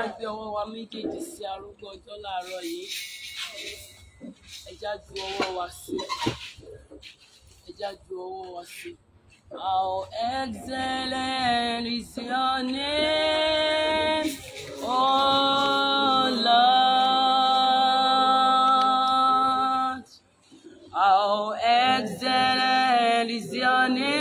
já gbé ọwọ́ wa méjèèjì sí arúgbó ọjọ́ láàárọ̀ yìí ẹ já ju ọwọ́ wa sí ẹ já ju ọwọ́ wa sí. How excellent is your name, oh Lord. Our excellent is your name.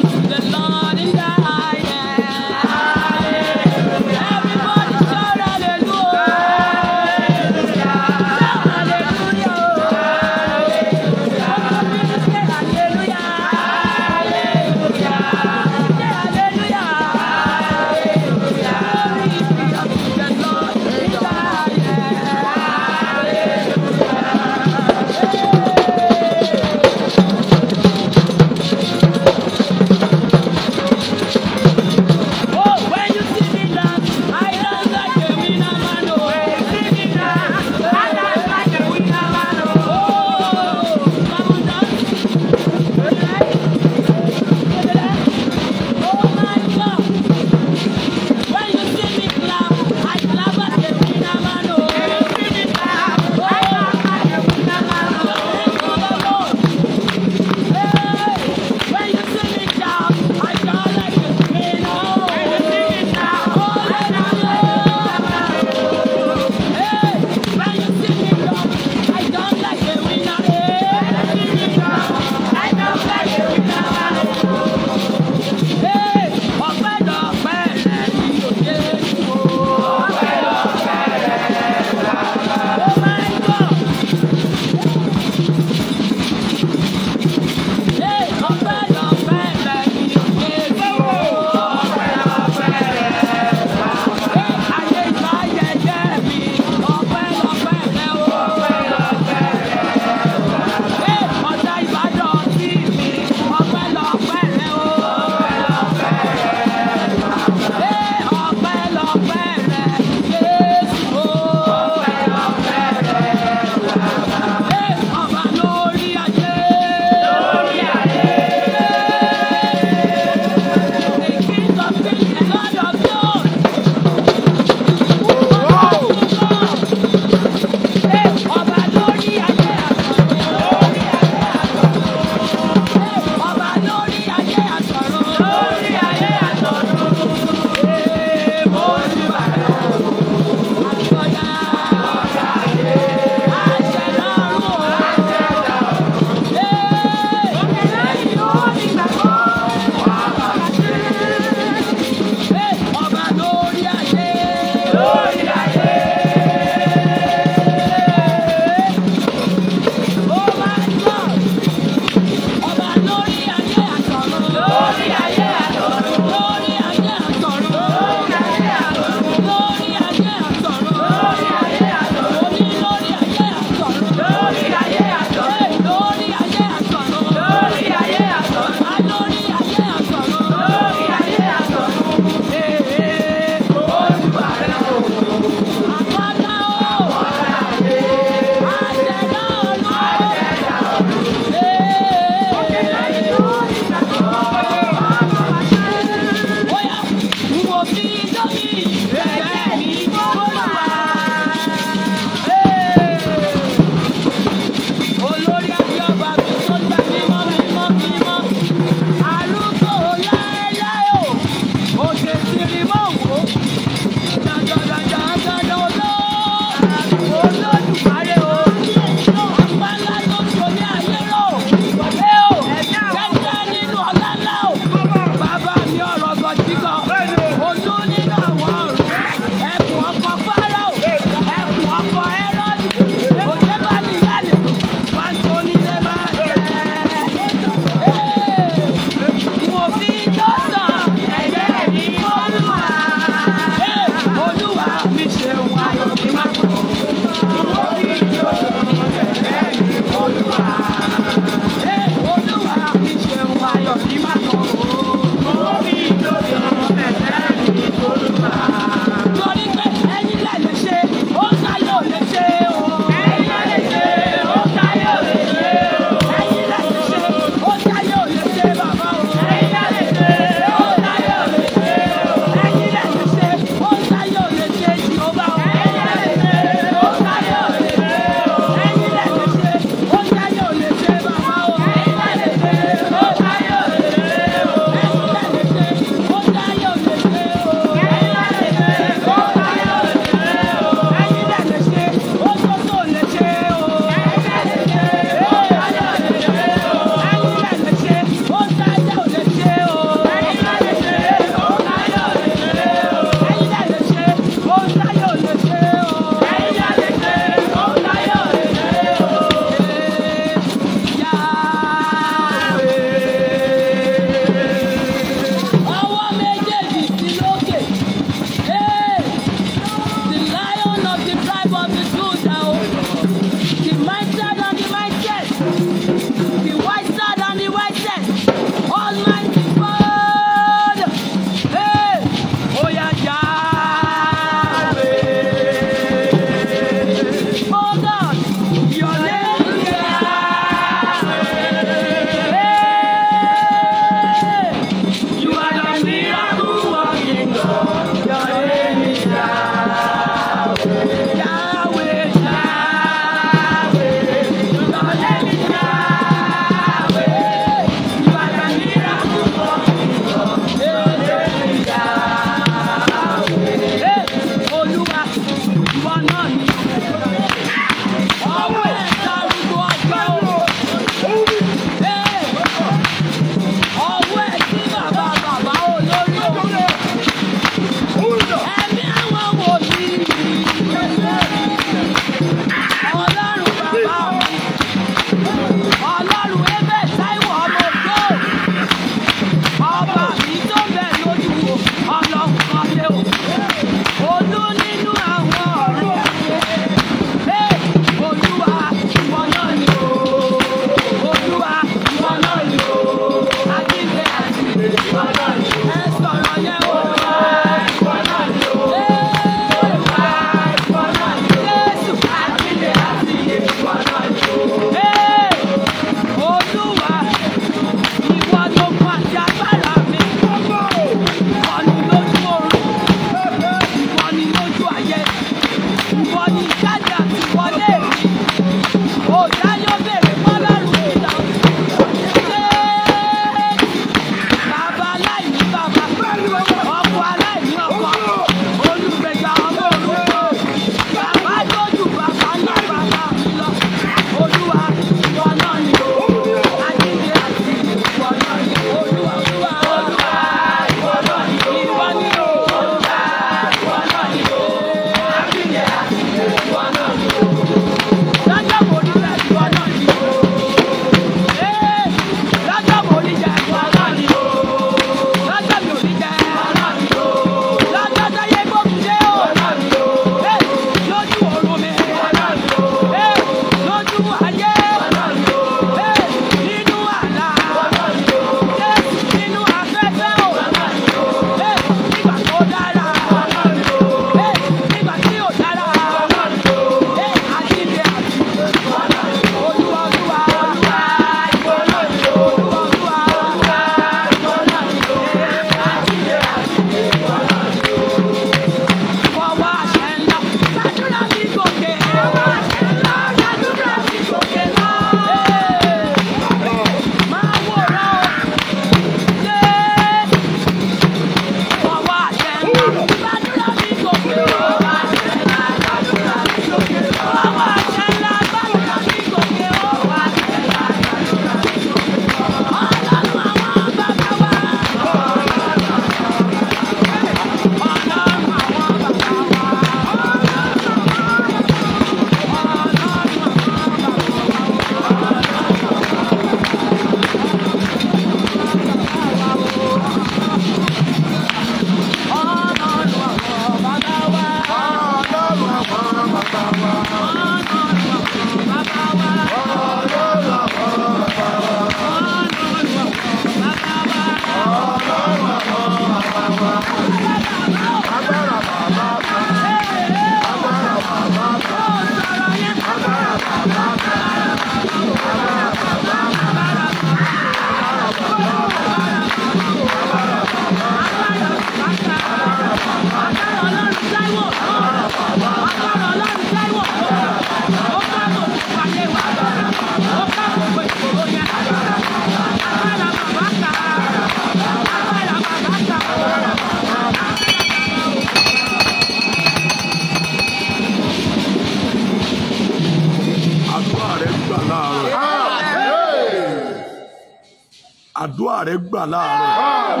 gbàdúrà láàárọ̀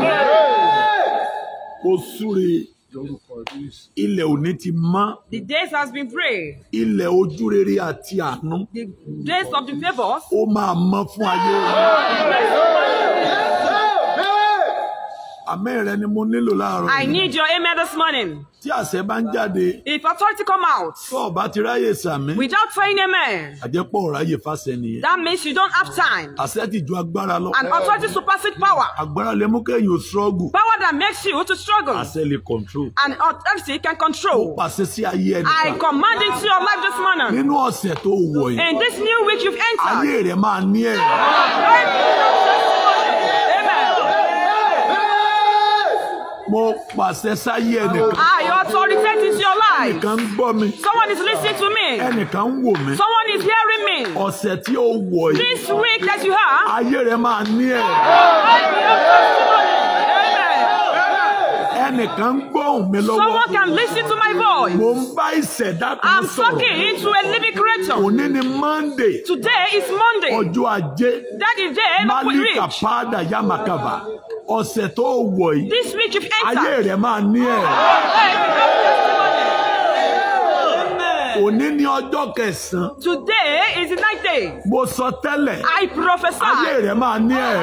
kò súre ilẹ̀ òní ti mọ́. the days has been prayed. ilẹ̀ ojú rere àti àánú. the days of the favours. ó máa mọ́ fún ayé rẹ. Àmín ni mo nílò láàárọ̀. I need your amen this morning. Tí àṣẹ bá ń jáde mouth. Tó o ti ráyè sàmí. Without saying amen. Àjẹpọ̀ ráyè fásẹ̀ nìyẹn. That means you don't have time. Àṣẹ ju agbára lọ. And authority supersede power. Agbára lè mú kéèyàn struggle. Power that makes you to struggle. Àṣẹ lè control. And authority can control. Ó pàṣẹ sí ayé ẹnìkan. I command into your life this morning. Nínú ọ̀sẹ̀ tó wọ̀ yìí. In this new week you've entered. Ayé rẹ̀ máa ní ẹ̀rọ. mo pàṣẹ sáyé ẹnìkan. I ah, authoritative is your life. ẹnìkan ń gbọ́ mi. someone is listening to me. ẹnìkan ń wò mí. someone is hearing me. ọ̀sẹ̀ tí ó wọ̀ yìí. this week that you have. ayé rẹ máa ní ẹ̀. Ẹnìkan ń gbóhùn mi lọ́wọ́. Someone can listen to my voice. Mo ń bá ìṣẹ̀dá kan sọ̀rọ̀. I'm talking into a living creature. Òní ni Monday. Today is Monday. Ọjọ́ ajé. That is day Malika Pada Yamakaba ọ̀sẹ̀ tó wọ̀ yìí. This week you've entered. Ayé rẹ̀ máa ní ẹ̀. Òní ni ọjọ́ kẹsàn Today is the night day. Mo sọ tẹ́lẹ̀. I prophesy. Ayé rẹ̀ máa ní ẹ̀.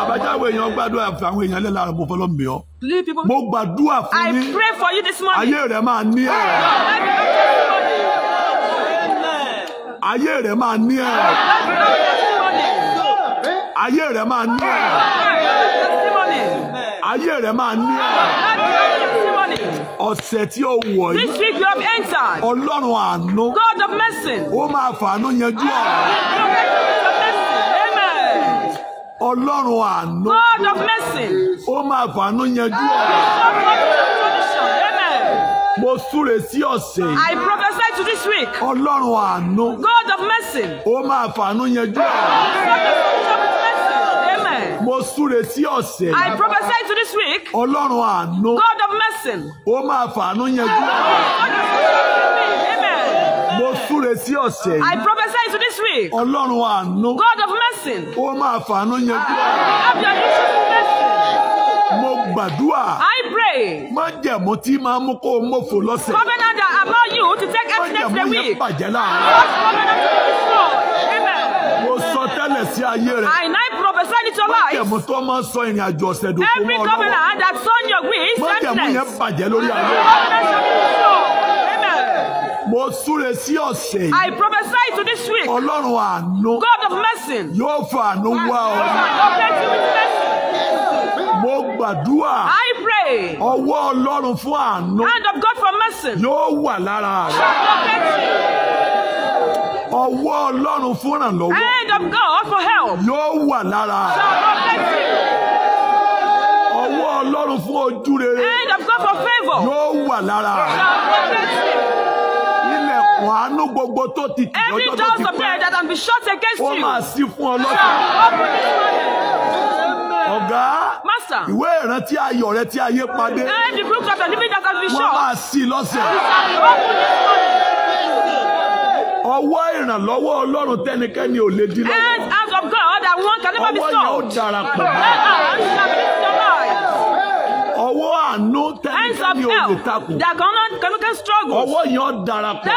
Àbájáwé èèyàn gbàdúrà fún àwọn èèyàn lẹ́la àrùn fọlọ́mì ọ́. Mo gbàdúrà fún yín. I pray for you this morning. Ayé rẹ̀ máa ní ẹ̀. Ayé rẹ̀ máa ní ẹ̀ ayé rẹ máa ní ẹ ayé rẹ máa ní ẹ ọ̀sẹ̀ tí ó wọ̀ yìí ọlọ́run àánú ó máa fàánú yanjú ọ̀rọ̀ ọlọ́run àánú. God of mercy. ó máa fàánú yanjú ọ̀rọ̀. mo súre sí ọ̀sẹ̀ yìí. I prophesy to this week. ọlọ́run àánú. God of mercy. ó máa fàánú yanjú ọ̀rọ̀. Mo súre sí ọ̀sẹ̀. I prophesy to this week. Ọlọ́run àánú. God of mercy. Ó máa fàánú yẹn jù. Mo súre sí ọ̀sẹ̀ yìí. I prophesy to this week. Ọlọ́run àánú. God of mercy. Ó máa fàánú yẹn jù. Have your issues mercy. Mo gbàdúrà. I pray. Má jẹ̀mú tí máa mú kó o mọ̀fò lọ́sẹ̀. Covenant that allow you to take accident the week. Má jẹ̀mú yẹn bàjẹ́ láàárọ̀. Mo sọ tẹ́lẹ̀ sí ayé rẹ̀. I now it your life. májẹ̀mú tó máa sọ ìrìn àjò ọ̀sẹ̀ dòkó mọ́ ọ every governor that turn your will is emptiness. májẹ̀mú yẹn bàjẹ́ lórí ayé. Mo súre sí ọ̀sẹ̀ yìí. I prophesy to this week. Ọlọ́run àánú. God of mercy. Yóò fa àánú wá ọ. Mo gbàdúrà. I pray. Ọwọ́ Ọlọ́run fún àánú. Hand of God for mercy. Yóò wà lára rẹ̀ ọwọ́ ọlọ́run fún ìrànlọ́wọ́. hand of God for help. yóò wà lára. ọwọ́ ọlọ́run fún ojú rere. hand of God for favour. yóò wà lára. ilẹ̀kùn àánú gbogbo tó ti tì lọ́jọ́ tó ti pẹ́. every door of prayer that can be shut against you. ó máa sí fún ọlọ́sàn ah, ọ̀gá ìwé ìrántí ayọ̀ rẹ tí ayé padé wọ́n máa sí lọ́sẹ̀ ọwọ́ ìrànlọ́wọ́ ọlọ́run tẹnikẹ́ni ò lè di lọ́wọ́. hands out of God that one can never be stopped. ọwọ́ yẹn ó darapọ̀ mọ́ ọwọ́ àánú tẹ́lifíṣẹ́ni olùtakùn. ọwọ́ yẹn ó darapọ̀.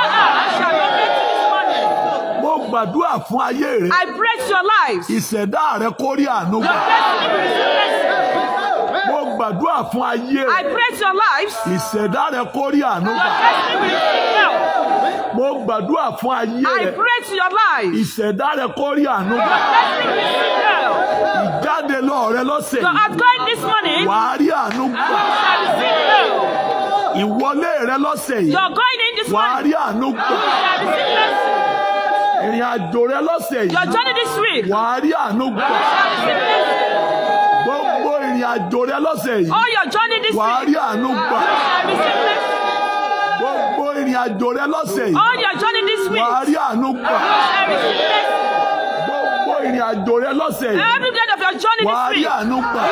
mo gbàdúrà fún ayé rẹ. I pray to your lives. ìṣẹ̀dá rẹ kó rí àánú gbà. mo gbàdúrà fún ayé rẹ. I pray your lives. ìṣẹ̀dá rẹ kó rí àánú gbà mo gbàdúrà fún ayé rẹ. I praise your life. ìṣẹ̀dá rẹ kó rí àánú gbà. ìjáde lọ rẹ lọ́sẹ̀ yìí. your outgoing this morning. wàá rí àánú gbà. ìwọlé rẹ lọ́sẹ̀ yìí. your going in this morning. wàá rí àánú gbà. ìrìn àjò rẹ lọ́sẹ̀ yìí. your journey this week. wàá rí àánú gbà. gbogbo ìrìn àjò rẹ lọ́sẹ̀ yìí. all your journey this week. wàá rí àánú gbà. gbogbo ìrìn àjò rẹ lọ́sẹ̀ yìí. all your journey this week. wàá rí àánú gbà. gbogbo ìrìn àjò rẹ lọ́sẹ̀ yìí. every day of your journey this week. wàá rí àánú gbà.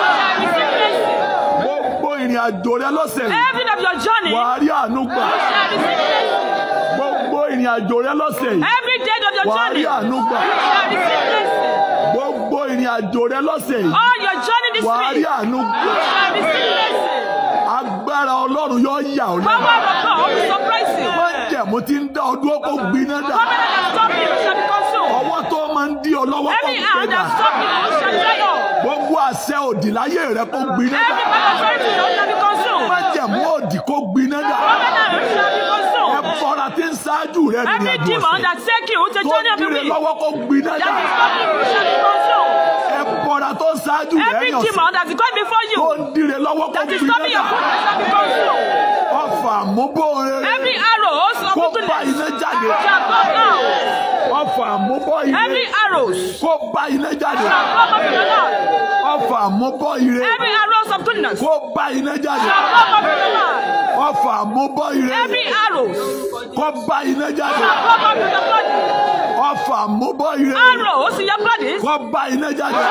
gbogbo ìrìn àjò rẹ lọ́sẹ̀ yìí. every day of your journey. wàá rí àánú gbà. gbogbo ìrìn àjò rẹ lọ́sẹ̀ yìí. every day of your journey. wàá rí àánú gbà. gbogbo ìrìn àjò rẹ lọ́sẹ̀ yìí. all your journey this week. wàá rí àánú gbà agbára ọlọ́run yóò yà ọ́ lẹ́nu. power of God will surprise you. wọ́n jẹ̀ mo ti ń dá ọdún ọkọ̀ gbiná dà. governor has stopped you shall be consumed. ọwọ́ tó máa ń di ọlọ́wọ́ kọ́ gbé dà. any hand has stopped you shall die off. gbogbo àṣẹ òdì láyé rẹ kó gbiná dà. every power of authority shall be consumed. wọ́n jẹ̀ mo òdì kó gbiná dà. governor shall be consumed fọ́ra every demon that take you to journey of ìmọ̀ra tó ṣáájú rẹ̀ yàn sí. every demon that is going before you. tó ń dire lọ́wọ́ kó fi lẹ́ta. ọfà mú bóore. every arrow ó sọ fún tún lè. kó bá iná jáde ọfà àmúbọ̀ ire. every arrows. kó bá iná jáde. ọfà àmúbọ̀ ire. every arrows of goodness. kó bá iná jáde. ọfà àmúbọ̀ ire. every arrows. kó bá iná jáde. ọfà àmúbọ̀ ire. kó bá iná jáde.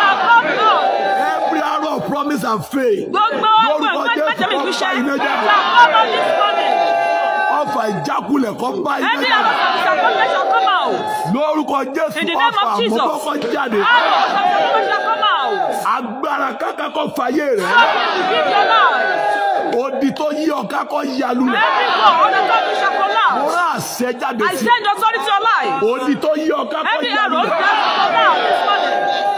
every arrow of promise and faith. gbogbo ọgbọ̀n gbọ́dọ̀ mẹ́tẹ̀ẹ̀mí ìgbésẹ̀. jáde àfà ìjákulẹ̀ kọ́ báyìí. every hour of circumvention come out. lórúkọ Jésù ọfà àmúbọ́kọ́ jáde. hour of circumvention come out. agbára kákàkọ́ fàyè rẹ̀. power to give your life odi tó yí ọ̀ká kọ́ yalu rẹ̀. everyone ọ̀nà tó fi ṣàkólà. mo rà àṣẹ jáde sí. I send authority to your life. odi tó yí ọ̀ká kọ́ yalu rẹ̀. every arrow that is for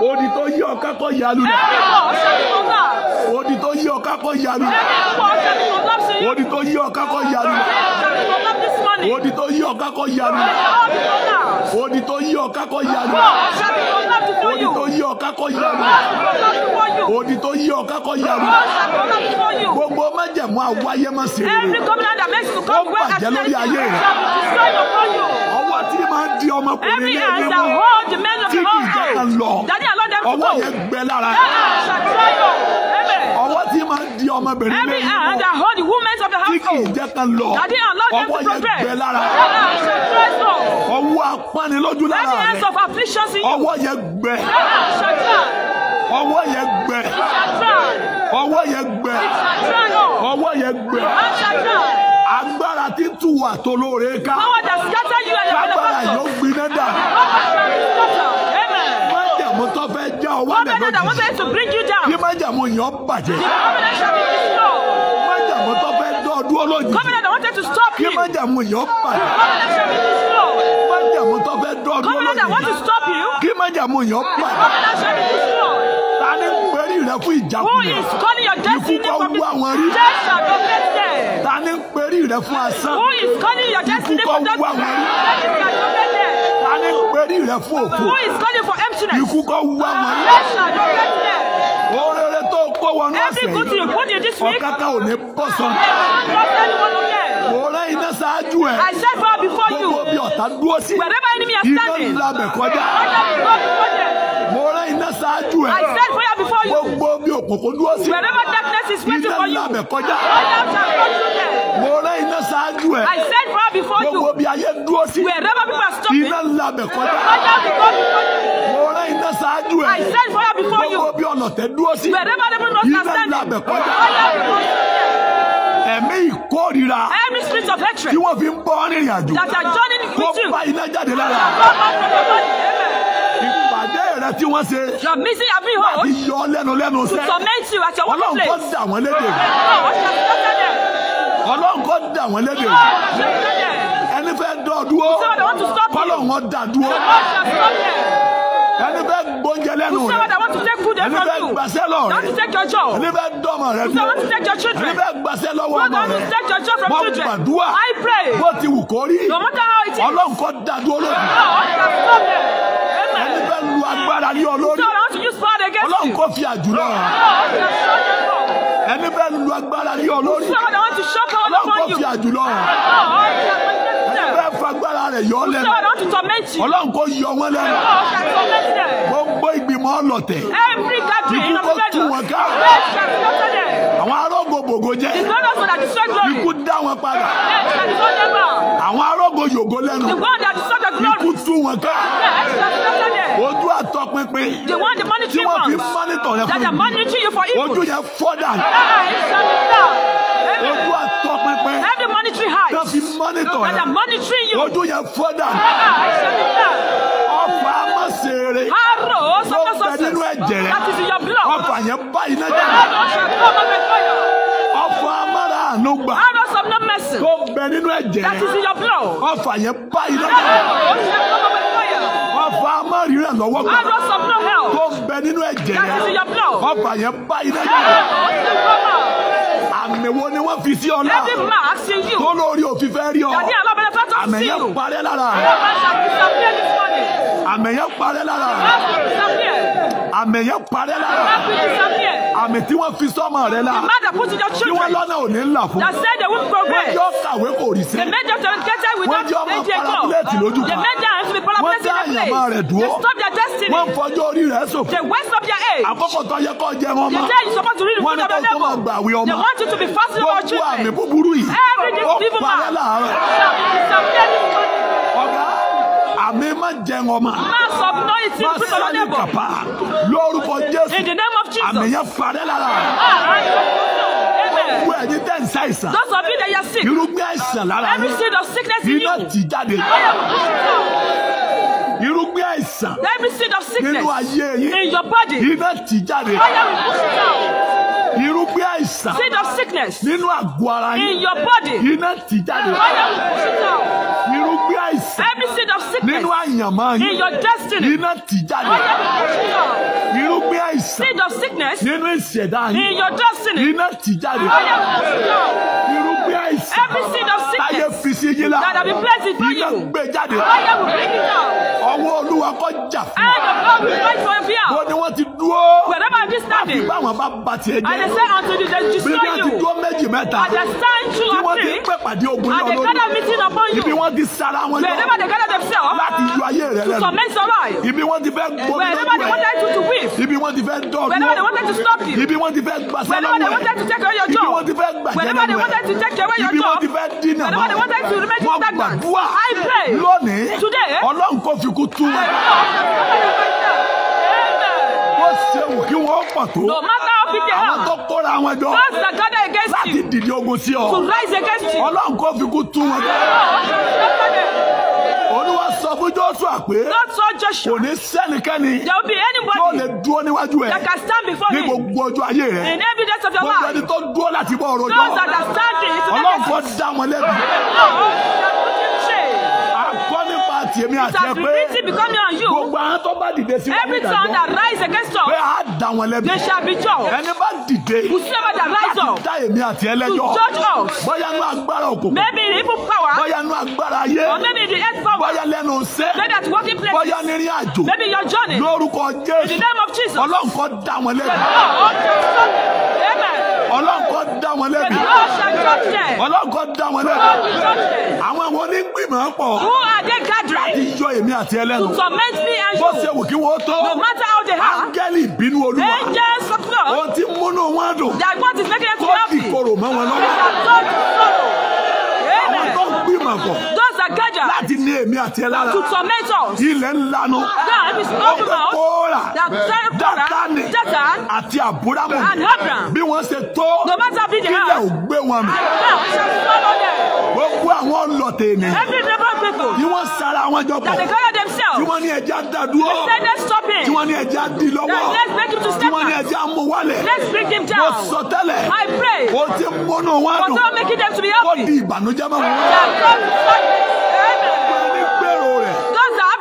odi tó yí ọká kọ́ yalu rẹ̀ odi tó yí ọká kọ́ yalu rẹ̀ odi tó yí ọká kọ́ yalu rẹ̀ odi tó yí ọká kọ́ yalu rẹ̀ odi tó yí ọká kọ́ yalu rẹ̀ odi tó yí ọká kọ́ yalu rẹ̀ odi tó yí ọká kọ́ yalu rẹ̀ gbogbo májẹ̀mú àwáyé má ṣe rere ó bàjẹ́ lórí ayé rẹ̀ tí máa ń di ọmọkùnrin lẹ́nu mọ́ tí kì í jẹ́ ká lọ ọwọ́ yẹn gbẹ lára ah, ọwọ́ tí máa ń di ọmọbìnrin lẹ́nu mọ́ tí kì í jẹ́ ká lọ ah, ọwọ́ yẹn gbẹ lára ọwọ́ apánilójú lára rẹ̀ ọwọ́ yẹn gbẹ ọwọ́ yẹn gbẹ ọwọ́ yẹn gbẹ ọwọ́ yẹn gbẹ tí ń tu wà tó lóore ká. Power you and your fellow yóò gbiná dà. Amen. Wọ́n jẹ̀mú tó fẹ́ já ọ, wọ́n bẹ̀ lójijì. Wọ́n to bring you down. Bí má jẹ̀mú yàn bàjẹ́. The government tó fẹ́ dán ọdún olójijì. Government wanted to stop you. Bí má jẹ̀mú yàn bàjẹ́. The government tó fẹ́ dán ọdún olójijì. wanted to stop you. Kí má jẹ̀mú yàn bàjẹ́. The government rẹ fún ìjákulẹ̀? Who is calling your destiny for wú àwọn rí ta ni ń perí rẹ fún asán ikú kọ́ wú àwọn rí ta ni ń perí rẹ fún òkú ikú kọ́ wú àwọn rí orere tó kó wọnú ọ̀sẹ̀ yìí ọ̀kàkà ò ní bọ́ sọ́nà wòlé iná ṣáájú ẹ. I said far before you. gbogbo bí ọ̀tá dúró sí. wherever enemy are standing. iná ńlá bẹ̀ kọjá. wòlé iná ṣáájú ẹ. I said far before you. gbogbo wherever darkness is waiting for you. I said far before you. wherever people are stopping. you. I said far before you. wherever the people are standing. ẹ̀mí ìkórira. every spirit of hatred. tí wọ́n fi ń bọ́ nírìn that are joining with you. kó bá iná jáde lára dáadáa tí wọ́n ṣe. your missing have been hold. láti yọ lẹ́nu lẹ́nu sẹ́. to torment you at your workplace. ọlọ́run kò dà wọ́n lédè. Oh, ọlọ́run kò dà wọ́n lédè. Oh, ẹni fẹ́ dọ̀ dúró. kọ́lọ̀ wọn dà dúró. I I your ẹni bẹ take your job. ẹni bẹ gbàṣẹ lọ rẹ ẹni bẹ dọmọ rẹ dúró ẹni bẹ gbàṣẹ lọ́wọ́ ọmọ rẹ mo gbàdúrà bó ti wù kó rí ọlọ́run kọ́ dádúró lónìí ẹni bẹ lu agbára ní olórí ọlọ́run kọ́ fi àjùlọ ẹni bẹ lu agbára ní olórí ọlọ́run kọ́ fi àjùlọ rẹ̀ yọ lẹ́nu. ọlọ́run kò yọ wọn lẹ́nu. gbogbo ìgbìmọ̀ ọlọ̀tẹ̀. ikú kò tú wọn ká. àwọn arógo bògo jẹ́. ikú dá wọn padà. àwọn arógo yògo lẹ́nu. ikú tú wọn ká. ojú àtọpinpin. tí wọ́n fi mọ́nítọ̀ rẹ fún mi. ojú yẹn fọ́dà ojú àtọ pẹpẹ tó fi mọ́nítọ̀ yẹn ojú yẹn fọ́dà ọ̀pá amọ̀sẹ̀rẹ̀ tó bẹ nínú ẹ̀jẹ̀ rẹ̀ ọ̀pá yẹn báyìí náà jẹ́ ọ̀fọ̀ amára àánú gbà. arrows of no mercy. tó bẹ nínú ẹ̀jẹ̀. that is in your blood. ọ̀fà yẹn báyìí lọ́jà. ọ̀fà amárìíràn lọ́wọ́ gbà. arrows of no help. tó bẹ nínú ẹ̀jẹ̀ yẹn. that is in your blood. ọ̀fà yẹn báyìí lọ́jà àmì wo ni wọ́n fi sí ọ náà. every mark o. tó lórí òfin fẹ́ rí ọ. yàtí alábẹ́rẹ́ fẹ́ o. àmì parẹ́ lára. àmì parẹ́ lára àmì yẹn parẹ́ lára àmì tí wọ́n fi sọ́mọ rẹ la tí wọ́n lọ́nà ò ní là fún wọ́n yọ kàwé kò rí sí wọ́n yọ ọmọ paraplẹ̀tì lójú kan wọ́n dá àyàmọ́ rẹ̀ dúró wọ́n fọjọ́ orí rẹ̀ sòfò àkókò tó yẹ kó jẹ wọn ma wọ́n ní kó tó máa gbàwé ọmọ gbogbo àmì búburú yìí ó parẹ́ láàárọ̀ ọ̀gá àmì jẹun ọmọ. má sọ no eating fruit of the neighbor. má sẹ́yìn kàpá lórúkọ Jésù. in the name of Jesus. àmì yẹn fàdé lára. Gbogbo ẹ̀yin tẹ̀ ń ṣàìsàn. Those of you that are sick. Irúgbìn àìsàn lára yín. Every seed of sickness in you. Iná ti jáde. Irúgbìn àìsàn. Every seed of sickness. Nínú ayé yín. In your body. Iná ti jáde. Fire will seed of sickness. nínú àgọ́ ara yín. in your body. iná tì jáde. fire will of sickness. In your destiny. Iná tì jáde. Irúgbìn àìsàn. Seed of sickness. In your destiny. Iná tì jáde. Irúgbìn àìsàn. Every seed of sickness. That have been placed in you. I am jáde. Fire bring it down. Ọwọ́ Olúwa kọ́ jà fún wa. End of God will fight for you. Wọ́n ni wọ́n ti dúró. Wherever I be standing. Àbí báwọn bá ba tiẹ̀ jẹ́. And they say until you dey destroy you. Bí wọ́n ti dúró méjì mẹ́ta. At the stand two or three. wọ́n ti pẹ́ pàdé ogun lọ́lọ́run. At the gather meeting upon you. Ibi wọ́n ti sara wọn lọ. Wherever they gather láti yọ ayé rẹ lẹ́nu ibi wọ́n ti fẹ́ you to ẹ ibi wọ́n ti fẹ́ dọ̀gbọ́ ibi wọ́n ti fẹ́ gbàsẹ́ lọ́wọ́ ẹ ibi wọ́n ti fẹ́ gbàjẹ́ lọ́wọ́ ẹ ibi wọ́n ti fẹ́ dínà mọ́ mọ́ gbàdúrà lónìí to remain, fi kú tú wọn. bó ṣe wù kí wọ́n pọ̀ tó àwọn tó kó kóra wọn jọ láti dìde ogun sí ọ ọlọ́run kò fi kú tú wọn jọ olúwa sọ fún joshua pé kò ní sẹ́nikẹ́ni yóò lè dúró níwájú ẹ̀ ní gbogbo ọjọ́ ayé rẹ̀ gbogbo ẹni tó dúró láti bọ̀ ọ̀rọ̀ jọ ọlọ́run kò dá wọn lẹ́bi ti èmi àti ẹ pé gbogbo àwọn tó bá dìde sí wọn ní ìdájọ́ pé a dá wọn lẹ́bi ẹni bá dìde láti dá èmi àti ẹ lẹ́jọ́ bóyá nú agbára òkùnkùn bóyá nú agbára ayé bóyá lẹ́nu iṣẹ́ bóyá nírìn àjò lórúkọ Jésù ọlọ́nkọ́ dá wọn lẹ́bi ọlọ́run kọ́ dá wọn lẹ́bi ọlọ́run kọ́ dá wọn lẹ́bi àwọn àwọn onígbìmọ̀ pọ̀ láti yọ èmi àti ẹlẹ́nu bó ṣe wù kí wọ́n tó áńgẹ́lì bínú olúwa ó ti múnú wọn dùn kó ti korò mọ́ wọn lọ́wọ́ kọ̀ọ̀kan. those are gathered. láti ní èmi àti ẹ lára. to torment us. ilẹ̀ ńlanu. God is open mouth. kóra. dátánì. dátán. àti àbúrámù. and abraham. bí wọ́n ṣe tó. no matter how big they are. kílẹ̀ ò gbé wọn mi. and ah, now we shall follow them. gbogbo àwọn ọlọ́tẹ̀ ni. every neighbor people. ni wọ́n sara wọn jọ pọ̀. that they gather themselves. tí wọ́n ní ẹja dàdúró. they say let's stop him. tí wọ́n ní ẹja dì lọ́wọ́. that let's make him to step back. tí wọ́n ní ẹja mú wálẹ̀. let's bring him down. mo sọ tẹ́lẹ̀. I pray. o ti múnú wọn dùn. for so making them to be happy. wọ́n di ìbànújẹ́ mọ́ wọn. Sag es, Ernest!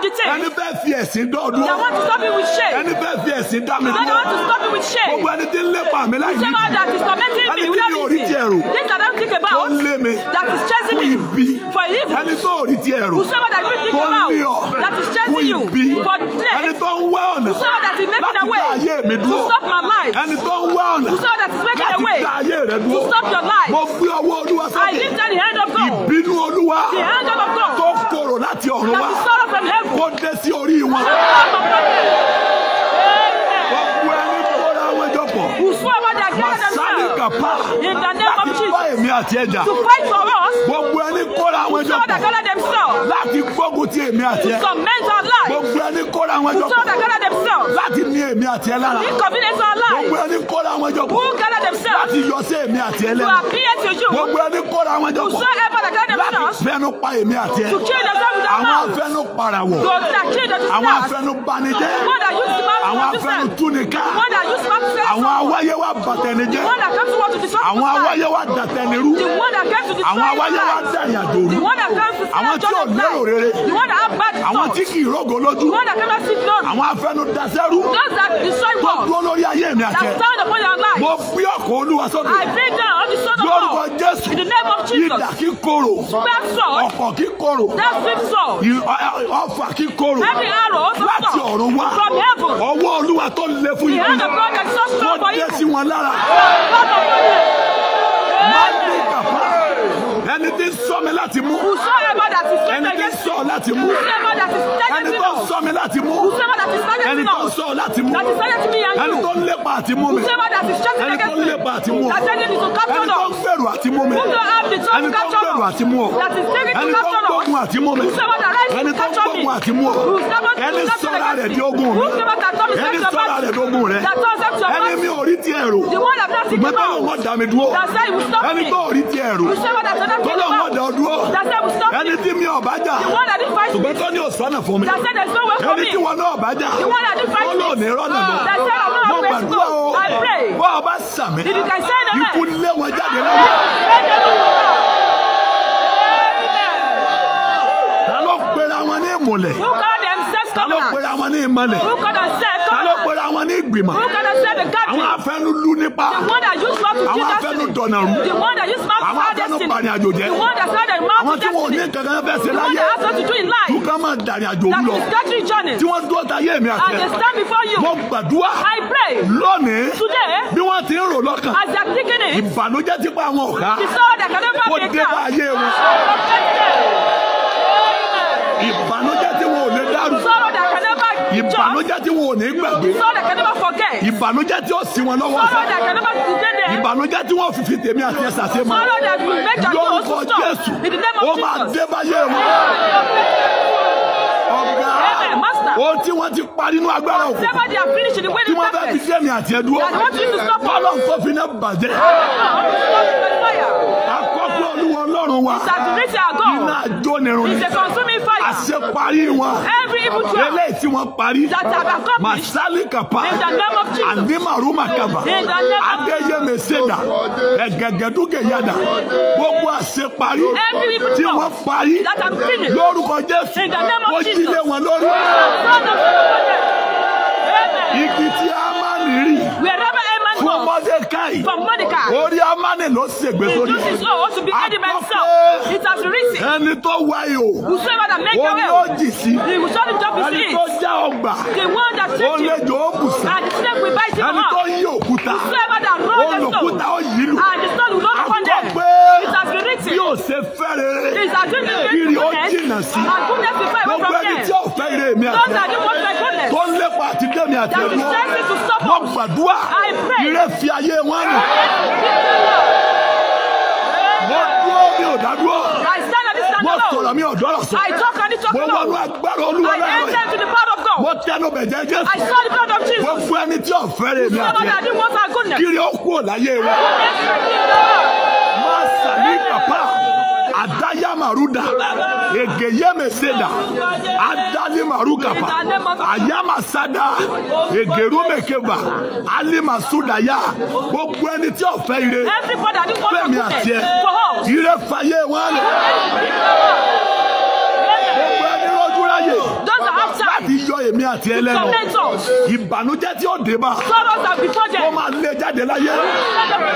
beating. ẹni bẹ́ẹ̀ fi ẹ̀sìn dọ́ọ̀dún. they want to stop me with shame. ẹni bẹ́ẹ̀ fi ẹ̀sìn dá mi dúró. want to stop me with shame. gbogbo ẹni tí ń lépa mi láì ní. whichever that is tormenting me without me. ẹni tí mi ò rí tiẹ̀ rò. I don't think about. ó ń lé mi. that is chasing me. fún ibi. for evil. ẹni tó ò rí tiẹ̀ rò. whichever that you think about. tó ń lé that is chasing you. fún ibi. ẹni tó ń wá ọ̀nà. whichever that is making a way. láti dá ayé mi to stop my life. ẹni tó ń wá ọ̀nà. whichever that is making a way. to stop your life. mo gbé ọwọ́ olúwa sókè. I the hand of God láti ọ̀run wá kó dé sí orí wọn. àti ẹja. to fight for us. gbogbo ẹni kóra àwọn ẹjọ́ pọ̀. to sow the colour themselves. láti gbógun ti èmi àti ẹ. to submit our life. gbogbo ẹni kóra àwọn ẹjọ́ pọ̀. to sow the colour themselves. láti ní èmi àti ẹ lára. to inconvenience our life. gbogbo ẹni kóra àwọn ẹjọ́ pọ̀. who gather themselves. láti yọ sí èmi àti ẹ lẹ́nu. to appear to you. gbogbo ẹni kóra àwọn ẹjọ́ pọ̀. to sow ever the colour themselves. láti fẹ́nu pa èmi àti ẹ. to kill the self without mouth. àwọn afẹ́nu parawọ̀. to kill the self. àwọn afẹ́nu banijẹ́. wọ́n dà use the mouth àwọn afẹ́nu túnika. wọ́n dà use mouth. àwọn awáyé wa bàtẹ́nijẹ́. wọ́n come to work to disrupt the mouth. àwọn awáyé wa dàtẹ́nirú dàrú àwọn awáyé wa dà yà dòrú àwọn tí ò lérò rere àwọn tí kì í rògó lójú àwọn afẹnudasẹ́rú tó dúró lórí ayé mi àtẹ mo fi ọkọ̀ olúwa sókè lórúkọ jésù ìdà kíkorò ọ̀pọ̀ kíkorò ọ̀fà kíkorò láti ọ̀run wá ọwọ́ olúwa tó le fún yìí wọ́n dé sí wọn lára ẹni tí ń sọ mi láti mú. kùsọ́ ẹ̀ ẹni tó ń sọ láti mú ẹni tó ń sọ mi láti mú ẹni tó ń sọ láti mú ẹni tó ń lépa àti mú mi ẹni tó ń lépa àti mú ọ ẹni tó ń gbèrò àti mú mi ẹni tó ń gbèrò àti mú ọ ẹni tó ń gbógun àti mú mi ẹni tó ń gbógun àti mú ọ ẹni sọra rẹ di ogun mi ẹni sọra rẹ di ogun rẹ ẹni mi ò rí tiẹ̀ rò ṣùgbọ́n tó lóun ọ̀dà mi dúró ẹni tó ò rí tiẹ̀ rò tó lóun ọ̀dà ọ dúró ẹni tí mi ọ̀b bájà ṣùgbọ́n tó ní òsánà fún mi ẹni tí wọn náà bájà wọn lò ní rọ́nà lọ mo gbàdúrà o bọ́ ọ bá sàmì ikú lé wọn jáde lọ́wọ́. ta ló pera wọn ní ìmùlẹ̀ ta ló to wọn ní ìmọ̀lẹ̀ ta ló pera wọn ní ìgbìmọ̀ àwọn afẹnulú nípa àwọn afẹnudọ̀nàrú àwọn afẹnupànìyàjò jẹ àwọn tí wọn ò ní kankan fẹ́ ṣe láyé dùkọ́ máa dàrí àjò òun lọ tí wọ́n dúró ta yé mi àti ẹ̀ mo gbàdúrà lónìí bí wọ́n ti ń rò lọ́kàn ìbànújẹ́ ti pa àwọn ọ̀gá kó dé bá ayé wọn oh, ìbànújẹ́ ìbànújẹ́ tí wọn ò ní gbàgbé ìbànújẹ́ tí ó sì wọn lọ́wọ́ ìbànújẹ́ tí wọn fìfì tèmi àti ẹsà ṣe máa lórúkọ Jésù ó máa dé báyé wọn ọ̀gá o tí wọ́n ti parí inú agbára òkú tí wọ́n fẹ́ fi dẹ́mi àti ẹ̀dúró bọ́lá ń tó fi náà bàjẹ́. Ah, olúwa ọlọ́run wa iná jónirun ni àṣeparí wọn eléyìí tí wọ́n parí masali kapa andimaru makaba adéyémeseda ẹgẹgẹdúgẹ yada gbogbo àṣeparí tí wọ́n parí lórúkọ jésù ó jílé wọn lórí igi tí We are nírì kú mọ́dékàì orí amánì ló ṣègbè sórí ẹ̀ àkọ́kẹ́ ẹni tó wá ihò orí ó jì sí ẹni tó já ọgbà ó lè jò ó bùsà ẹni tó yí òkúta olùkúta ó yí lù àkọ́kẹ́ yóò ṣe fẹ́rẹ̀ẹ́rẹ́ kiri ó jìnà sí gbogbo ẹni tí ó fẹ́ rẹ̀ mi àti tó lépa ní àti ẹrú mo gbàdúrà ire fi ayé wọn nù mo dúró mi ò dádúró mo sọ̀rọ̀ mi ò dọ́rọ̀ sọ mo wọnú agbára olúwa lẹ́yìn mo tẹnu bẹ̀jẹ̀ jésù mo fún ẹni tí ò fẹ́rẹ̀ mi àti ẹ kiri ó kú ò láyé wa má sàlí kàpá maruda egeye meseda adali maruka pa, ayama sada egeru mekeba ali masuda ya gbogbo ẹni tí ọ̀fẹ́ ire fẹ́mi àti ẹ ire fàyè wọn lè gbogbo ẹni lójú ráyè láti yọ èmi àti ẹlẹ́nu ìbànújẹ́ tí ó dé bá ó máa lé jáde láyé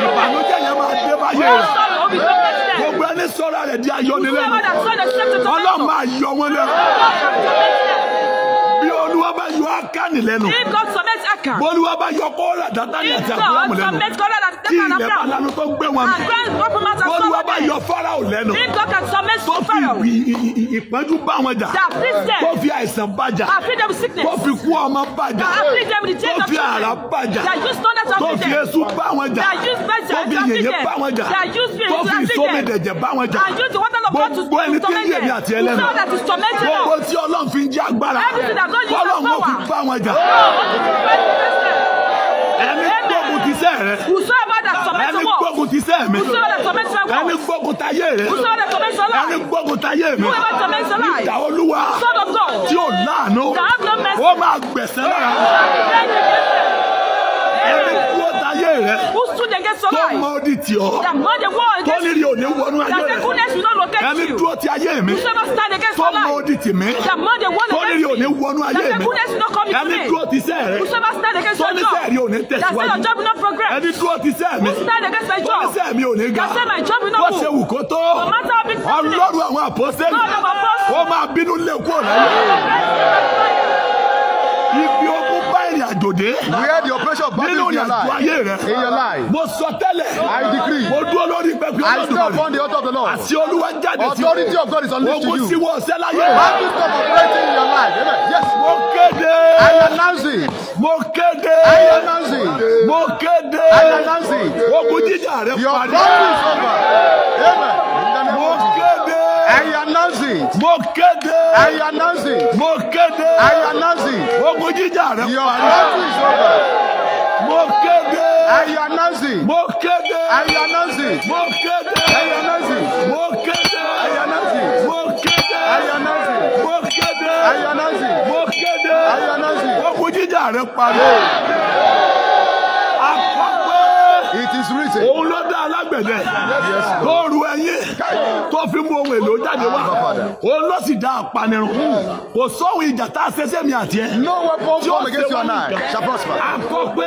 ìbànújẹ́ yẹn máa dé báyé rẹ̀ gbogbo ẹni sọ́ra rẹ̀ di ayọ̀nilẹ́nu ọlọ́run máa yọ wọn lẹ́nu bí olúwa bá yọ ákánì kan. bolúwa bá yọ kóòlà dátàlì àti àbúrámù lẹ́nu kí ilẹ̀ bá lanu tó gbé wọn mi bolúwa bá yọ fáráò lẹ́nu tó fi ìpẹ́jú bá wọn jà tó fi àìsàn bàjà tó fi kú ọmọ bàjà tó fi àrà bàjà tó fi èṣù bá wọn jà tó fi yèyé bá wọn jà tó fi ìsómìdẹ̀jẹ̀ bá wọn jà gbogbo ẹni tí ń yèmí àti ẹlẹ́nu gbogbo tí ọlọ́run fi ń jẹ́ agbára ọlọ́run ò fi bá wọn jà. Oh, ẹni gbógun ti sẹ́ rẹ ẹni gbógun ti sẹ́ mi ẹni gbógun ta yé rẹ ẹni gbógun ta yé mi ìjà olúwa tí ò láàánú ó máa gbẹ̀sẹ̀ lára ayé rẹ. who stood against your life. tó mọ di tì ọ́. that God dey war against you. tó ní rí òní wọnú ayé rẹ. that the goodness will not locate you. ti ayé mi. you never stand against your life. tó mọ di tì mí. that God dey war against me. tó ní rí òní wọnú ayé mi. that the goodness not come into ti sẹ́ rẹ. you never stand against your job. tó your job not progress. ẹni ti sẹ́ mi. you stand against my job. tó ní ga. that my job will not move. bó ṣe wù kó tó. no matter how big àjò dé. where the operation of battle is your life. in your life. mo sọ tẹ́lẹ̀. I decree. mo dúró lórí pẹpẹ ọlọ́dún I stand upon the altar of the Lord. àti olúwa jáde sí authority of God is on to you. ogun siwọ ọsẹ láyé. how you stop operating in your life. yes. mo kéde. I announce it. mo kéde. I announce it. mo kéde. I announce it. ogun jíjà rẹ parí. your problem is over. Amen. mo kéde. I announce it. Mo kéde. I announce it. Mo kéde. I announce it. Ogun jíjà rẹ̀ parí. Your battle is over. Mo kéde. I announce it. Mo kéde. I announce it. Mo kéde. I announce it. Mo kéde. I announce it. Mo kéde. I announce it. Mo kéde. I announce it. Mo kéde. I announce it. Ogun jíjà rẹ̀ parí it is written. òun ló dá alágbẹ̀dẹ tó ru ẹyìn tó fi mú ohun èlò jáde wá ah, òun ló sì dá apanirun kò sóhun ìjà tá a ṣe sẹ́mi àti ẹ. no weapon form against your nine shall prosper. àkọ́ pé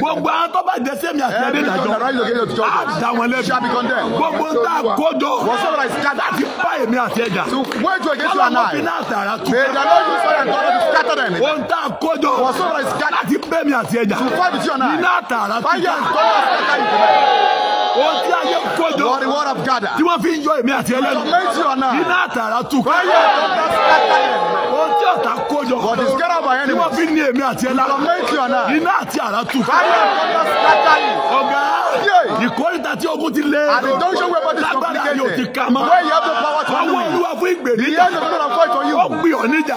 gbogbo àwọn tó bá dé sẹ́mi àti ẹ ní ìdájọ́ á dá wọn lẹ́bi gbogbo ń tà kójọ láti bá èmi àti ẹja. to wage war against your nine. kọ́lá mo fi náà tààrà tún. may the lord use fire and thunder to scatter them. ohun tà kójọ láti bẹ́ẹ̀ mi àti ẹja. to fight with your nine. iná tààrà tún. Lord God, you you, want to enjoy me? I Ohun tí ayé kó jọ. Lọ́ọ̀rì wọ́n rà gàdà. Tí wọ́n fi ń yọ èmi I ẹlẹ́nu. Méjì ọ̀nà. Iná àtàrà tù. Báyọ̀ Ohun tí ọ̀tá kó jọ. Bọ̀dì sẹ́rà bàyẹ̀ ni. Tí wọ́n fi ní èmi àti ẹlẹ́nu. Méjì ọ̀nà. Iná àti àrà tù. Báyọ̀ Ọ̀gá ìkórìtà tí ogun ti lé. Lágbára yóò ti kà mọ́. Ọwọ́ olúwa fún ìgbèríta. Ó gbìyànjú.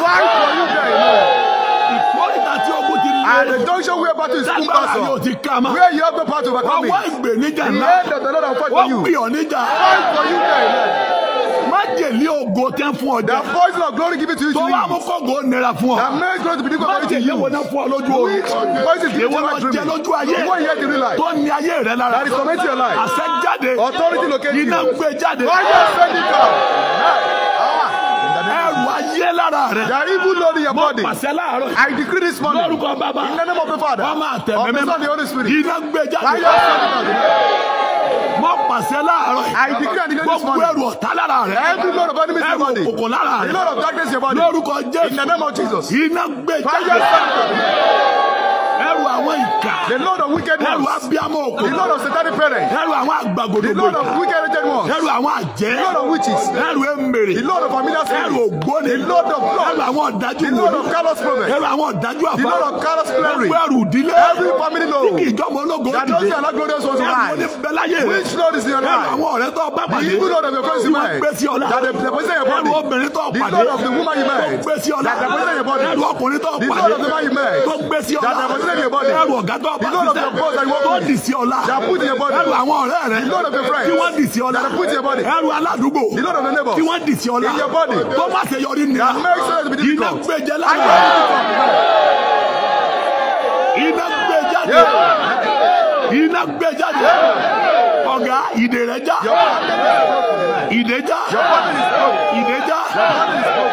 And the junction where battle is full battle. Where you have the battle overcoming. Wọ́n gbè níjà náà. The end of the Lord will fight for you. Why gbè ọ́ for you guys eh? májèlé ògo tẹ́ fún ọ jẹ. the voice of glory give it to you. tó bá mú kógo nira fún ọ. the man is going to be given to you. májèlé wo náà fún ọ lójú oorun. which voice is given to you dream. èwo náà jẹ lójú ayé. wọ́n yẹ the real life. tó ní ayé rẹ lára. that is comment your life. àṣẹ jáde. authority locate you. iná gbé jáde. wọ́n yẹ sẹ́ni kan ẹrù ayé lára rẹ. yàrá ibú lórí your body. mo pàṣẹ láàárọ̀. I decree this morning. lórúkọ bàbá. in the name of the father. ọmọ àtẹ̀mẹ́mẹ́. of the son the holy spirit. iná gbé jáde. láyé ọ̀sán ìgbàgbọ́ mọ pàṣẹ láàárọ̀ ẹrù ọ̀tá lára rẹ ẹrù òkùnkùn lára rẹ lórúkọ Jésù iná gbé jáde the lord of wickedness. the lord of satanic parents. the lord of wicked aged ones. ẹrù àwọn àjẹ́. the lord of witches. ẹrù emèrè. the lord of familiar spirits. ẹrù ògbóni. the lord of blood. ẹrù àwọn ọ̀dájú wòlíì. the lord of callous prophets. ẹrù àwọn ọ̀dájú àfọwọ́. the lord of callous glory. ẹrù ẹrù ìdílé. every family law. tí kì í jọmọ ológo dìde. that does your not glorious ones rise. ẹrù oníbẹ̀láyé rẹ. which lord is in your life. ẹrù àwọn ọ̀rẹ́ tó bá pàdé. the evil lord of your friends you mind. that the person your body. ẹrù obìnrin tó pàdé. the lord of the woman you mind. tó gbé sí ọ̀la. that the person your body. ẹrù ọkùnrin tó pàdé. the lord of the man you mind. tó gbé sí ọ̀la. that the person your body ẹrù ọ̀gá tó bá ti sẹ́ tó dì sí ọlá ẹrù àwọn ọ̀rẹ́ rẹ tí wọ́n dì sí ọlá ẹrù aládùúgbò tí wọ́n dì sí ọlá tó má ṣe yọrí nira iná gbèjẹ láyé iná gbèjáde iná gbèjáde ọ̀gá ìdè rẹ já ìdè já ìdè já.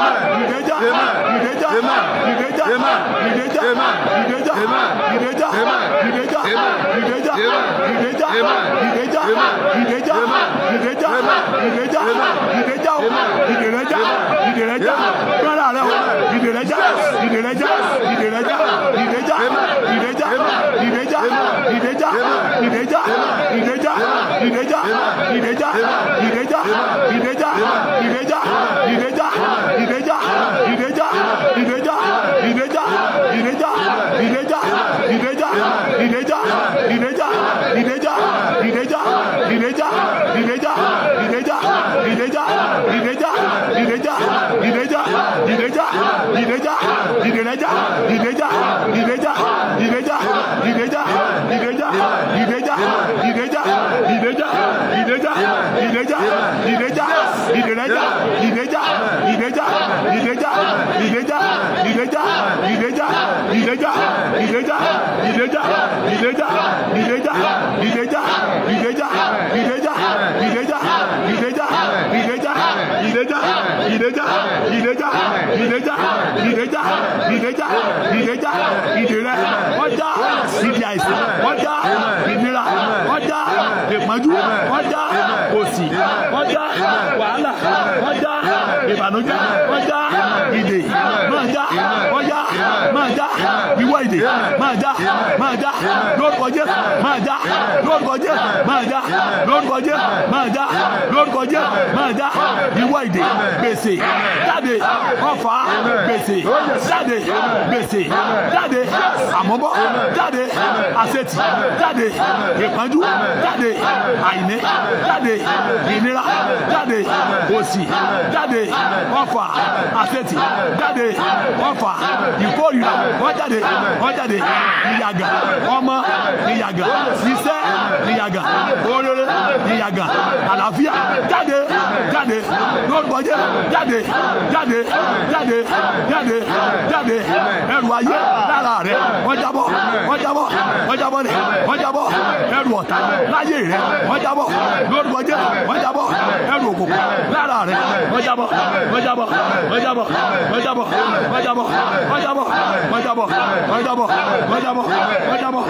ìdèjà ìdèjà ìdèjà ìdèjà ìdèjà ìdèjà ìdèjà ìdèjà ìdèjà. já lórúkọ Jésù máa já lórúkọ Jésù máa já lórúkọ jẹ́ máa já lórúkọ jẹ́ máa já ìwọ ìdè gbèsè jáde ọ̀fà gbèsè jáde gbèsè jáde àmọ́bọ́ jáde àṣetì jáde ìpọ́njú jáde àìní jáde ìnira jáde òṣì jáde ọ̀fà àṣetì jáde ọ̀fà ìkórìíra wọ́n jáde wọ́n jáde ìyàgà ọmọ ìyàgà iṣẹ́ ìyàgà olóore ìyàgà àlàáfíà jáde jáde lórúkọ jẹ jáde jáde jáde jáde jáde ẹrù ayé lára rẹ wọ́n jábọ́ wọ́n jábọ́ wọ́n jábọ́ ni wọ́n jábọ́ ẹrù ọ̀tá láyé rẹ wọ́n jábọ́ lórúkọ jẹ́ wọ́n jábọ́ ẹrù òkùnkùn lára rẹ wọ́n jábọ́ wọ́n jábọ́ wọ́n jábọ́ wọ́n jábọ́ wọ́n jábọ́ wọ́n jábọ́ wọ́n jábọ́ wọ́n jábọ́ wọ́n jábọ́ wọ́n jábọ́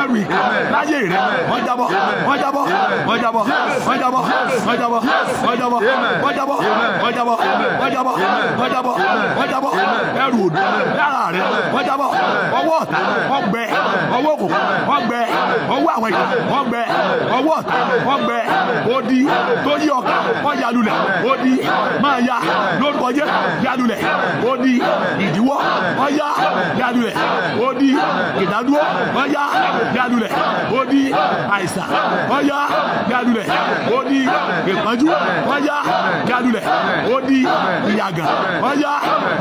ẹrù ìkà láyé rẹ wọ́n jábọ́ wọ́n jábọ́ wọ́n jábọ́ wọ́n jábọ́ wọ́n jábọ́ wọ́n jábọ́ wọ́n jábọ́ wọ́n jábọ́ wọ́n jábọ́ wọ́n jábọ́ wọ́n jábọ́ ẹrù òdì lára rẹ wọ́n jábọ́ ọwọ́ ọ̀tá ọgbẹ́ ọwọ́ òkùnkùn wọ́n gbẹ ọwọ́ àwọn ìjà wọ́n gbẹ ọwọ́ ọ̀tá wọ́n gbẹ odi tó yí ọkà wọ́n yalulẹ̀ odi máa ya lórúkọ jẹ́ yalulẹ̀ odi ìdíwọ́ wọ́n ya yalulẹ̀ odi ìdádúró wọ́n ya yalulẹ̀ odi àìsàn wọ́n ya yalulẹ̀ odi ìpọ́njú wọ́n ya yalulẹ̀ odi ìyàgàn wọ́n ya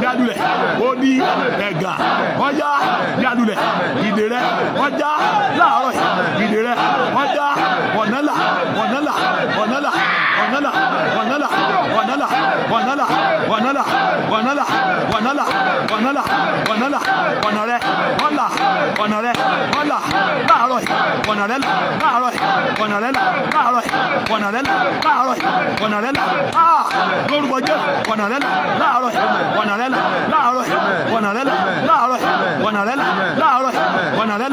yalulẹ̀ odi ẹ̀gàn wọ́n ya yalulẹ̀ ìdè rẹ̀ wọ́n ya. láàárọ̀ ìdí rẹ̀ wọ́n dá wọ̀nálà wọ̀nálà wọ̀nálà wọ̀nálà wọ̀nálà wọ̀nálà wọ̀nálà wọ̀nálà wọ̀nálà wọ̀nálà wọ̀nálà wọ̀nálà wọ̀nà rẹ̀ wọ́là wọ̀nà rẹ̀ wọ́là láàárọ̀ wọ̀nà rẹ̀ láàárọ̀ wọ̀nà rẹ̀ láàárọ̀ wọ̀nà rẹ̀ láàárọ̀ wọ̀nà rẹ̀ láà lórúkọ jẹ́ wọ̀nà rẹ̀ láàárọ̀ wọ̀nà rẹ̀ láàárọ̀ wọ̀nà rẹ̀ láàárọ̀ wọ̀nà rẹ̀ láàárọ̀ wọ̀nà rẹ̀ láàárọ̀ wọ̀nà rẹ̀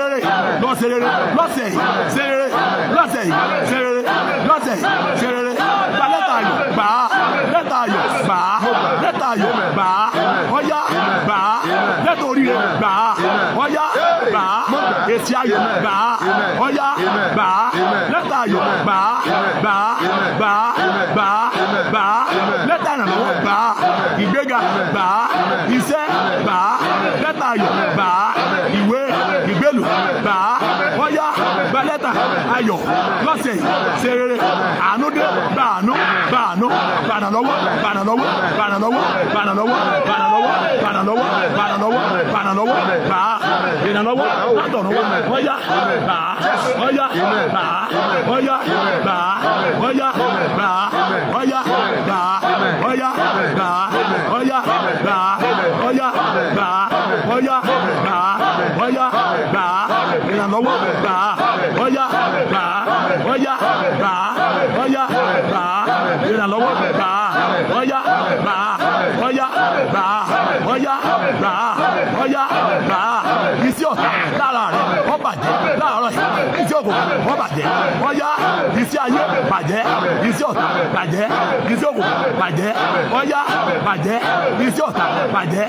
ìrètí ayọ̀ gbà á ọ̀yá gbà á lẹ́tà ayọ̀ gbà á gbà á gbà á gbà á gbà á lẹ́tà ìrànlọ́wọ́ gbà á ìgbéga gbà á iṣẹ́ gbà á lẹ́tà ayọ̀ gbà á ìwé ìgbélù gbà á ọ̀yá gbà lẹ́tà ayọ̀ lọ́sẹ̀ ṣe rere àánú dé gbà àánú gbà àánú gbà ànàlọ́wọ́ gbà ànàlọ́wọ́ gbà ànàlọ́wọ́ gbà ànàlọ́wọ́ ìrànlọ́wọ́ ìrànlọ́wọ́ ìrànlọ́wọ́ gbà á ìrànlọ́wọ́ látọ̀run wá wọ́n yá gbà á wọ́n yá gbà á wọ́n yá gbà á iṣẹ́ ayé bàjẹ́ iṣẹ́ ọ̀tá bàjẹ́ iṣẹ́ òkú bàjẹ́ ọ̀yá bàjẹ́ iṣẹ́ ọ̀tá bàjẹ́